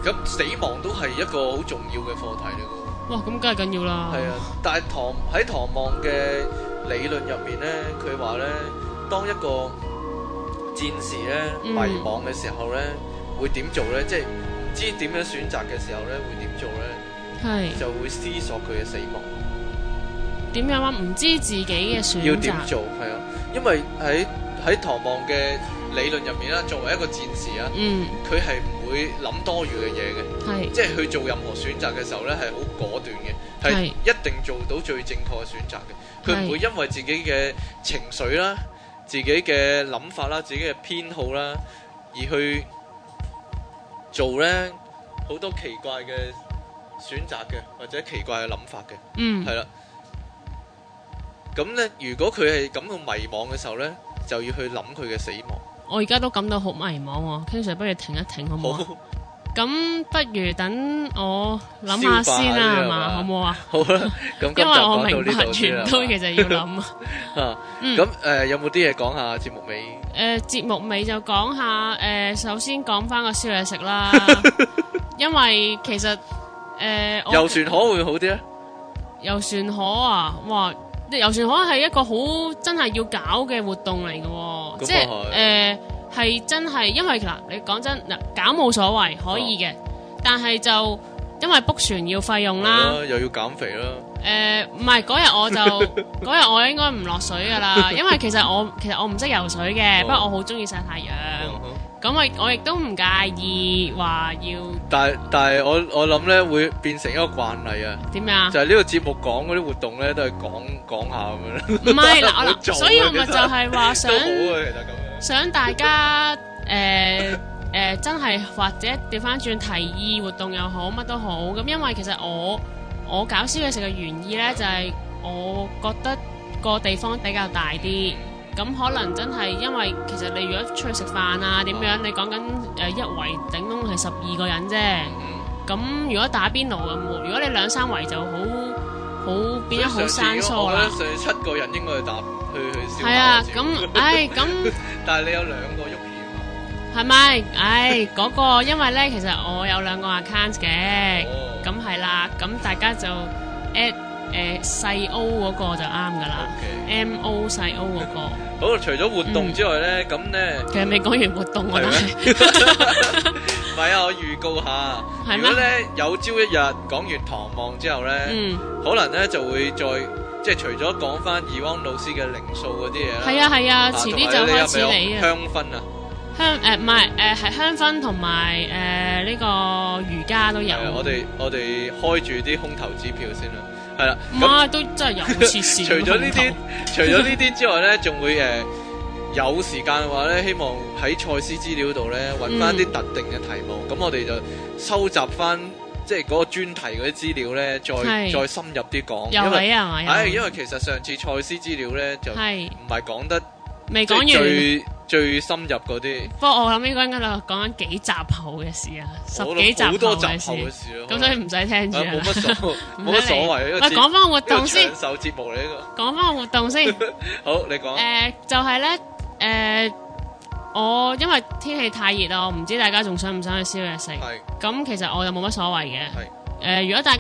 B: 咁、啊、死亡都係一個好重要嘅課題嚟嘅。
A: 哇，咁梗係緊要啦。係啊，
B: 但係唐喺唐望嘅理論入面咧，佢話咧，當一個戰士咧迷惘嘅時候咧、嗯就是，會點做咧？即係唔知點樣選擇嘅時候咧，會點做咧？係就會思索佢嘅死亡。
A: 點樣啊？唔知自己嘅選擇要點做？
B: 係啊，因為喺喺唐望嘅。理論入面啦，作為一個戰士啊，嗯，佢係唔會諗多餘嘅嘢嘅，即係是去做任何選擇嘅時候呢，係好果斷嘅，係是一定做到最正確嘅選擇嘅。佢唔是會因為自己嘅情緒啦、自己嘅諗法啦、自己嘅偏好啦，而去做呢好多奇怪嘅選擇嘅，或者奇怪嘅諗法嘅。嗯，係啦。咁呢，如果佢係感到迷惘嘅時候呢，就要去諗佢嘅死亡。
A: 我而家都感到好迷茫，哦，通常不如停一停好唔好？咁 不如等我諗下先啦，係嘛？吧好唔嗎 好啊？好啦，
B: 咁 因為我明白員工其實要諗啊。咁誒、呃、有冇啲嘢講下節目尾？
A: 誒、呃，節目尾就講下，誒、呃，首先講翻個燒嘢食啦， 因為其實誒遊、呃、船河會好啲咧。遊船河啊，哇！哇遊船可能係一個好真係要搞嘅活動嚟嘅、哦，麽即係誒係真係，因為嗱你講真嗱搞冇所謂，可以嘅，啊、但係就因為 book 船要費用啦，
B: 又要減肥啦。
A: 誒唔係嗰日我就嗰日 我應該唔落水噶啦，因為其實我其實我唔識游水嘅，啊、不過我好中意曬太陽。啊咁我亦都唔介意話要，
B: 但係但係我我諗咧會變成一個慣例啊？點樣啊？就係呢個節目講嗰啲活動咧，都係講講下咁樣。唔係嗱，我所以我咪就係話想
A: 想大家誒誒、 呃呃，真係或者調翻轉提議活動又好，乜都好。咁因為其實我我搞笑嘅時候嘅原意咧，就係、是、我覺得個地方比較大啲。 咁可能真係因為其實你如果出去食飯啊點樣，你講緊誒一圍頂籠係十二個人啫。咁如果打邊爐咁，如果你兩三圍就好
B: 好變得好生疏啦。我覺得上七個人應該去打去去燒烤一次。係啊，咁唉咁。但係你有兩個肉
A: 片啊？係咪？唉，嗰個因為咧，其實我有兩個 account 嘅。哦。咁係啦，咁大家就 at。誒，細 O 嗰個就啱噶啦，M O 細 O 嗰個。
B: 好，除咗活動之外咧，咁咧、嗯，呢其實
A: 未講完活動噶啦，
B: 唔係啊，我預告下，嗎如果咧有朝一日講完唐望之後咧，嗯、可能咧就會再即係除咗講翻 Ewan 老師嘅靈數嗰啲嘢啦，係啊係啊，遲啲、啊、就開始你啊，香薰啊，
A: 香誒唔係誒係香薰同埋誒呢個瑜伽都有、嗯。我哋
B: 我哋開住啲空頭支票先啦。係啦，咁啊，
A: 都真係有除咗呢啲，
B: 除咗呢啲之外咧，仲會誒有時間嘅話咧，希望喺賽斯資料度咧，揾翻啲特定嘅題目。咁我哋就收集翻，即係嗰個專題嗰啲資料咧，再再深入啲講。因為係因為其實上次賽斯資料咧就唔係講得未講完。最深入嗰啲，
A: 不過我諗應該喺度講緊幾集後嘅事啊，十幾集後嘅事。咁所以唔使聽住啦，冇乜所謂。喂，講翻個活動
B: 先。
A: 講翻個活動先。
B: 好，你講。誒，
A: 就係咧，誒，我我因為天氣太熱啦，唔知大家仲想唔想去燒嘢食？係。咁其實我又冇乜所謂嘅。係。誒，如果大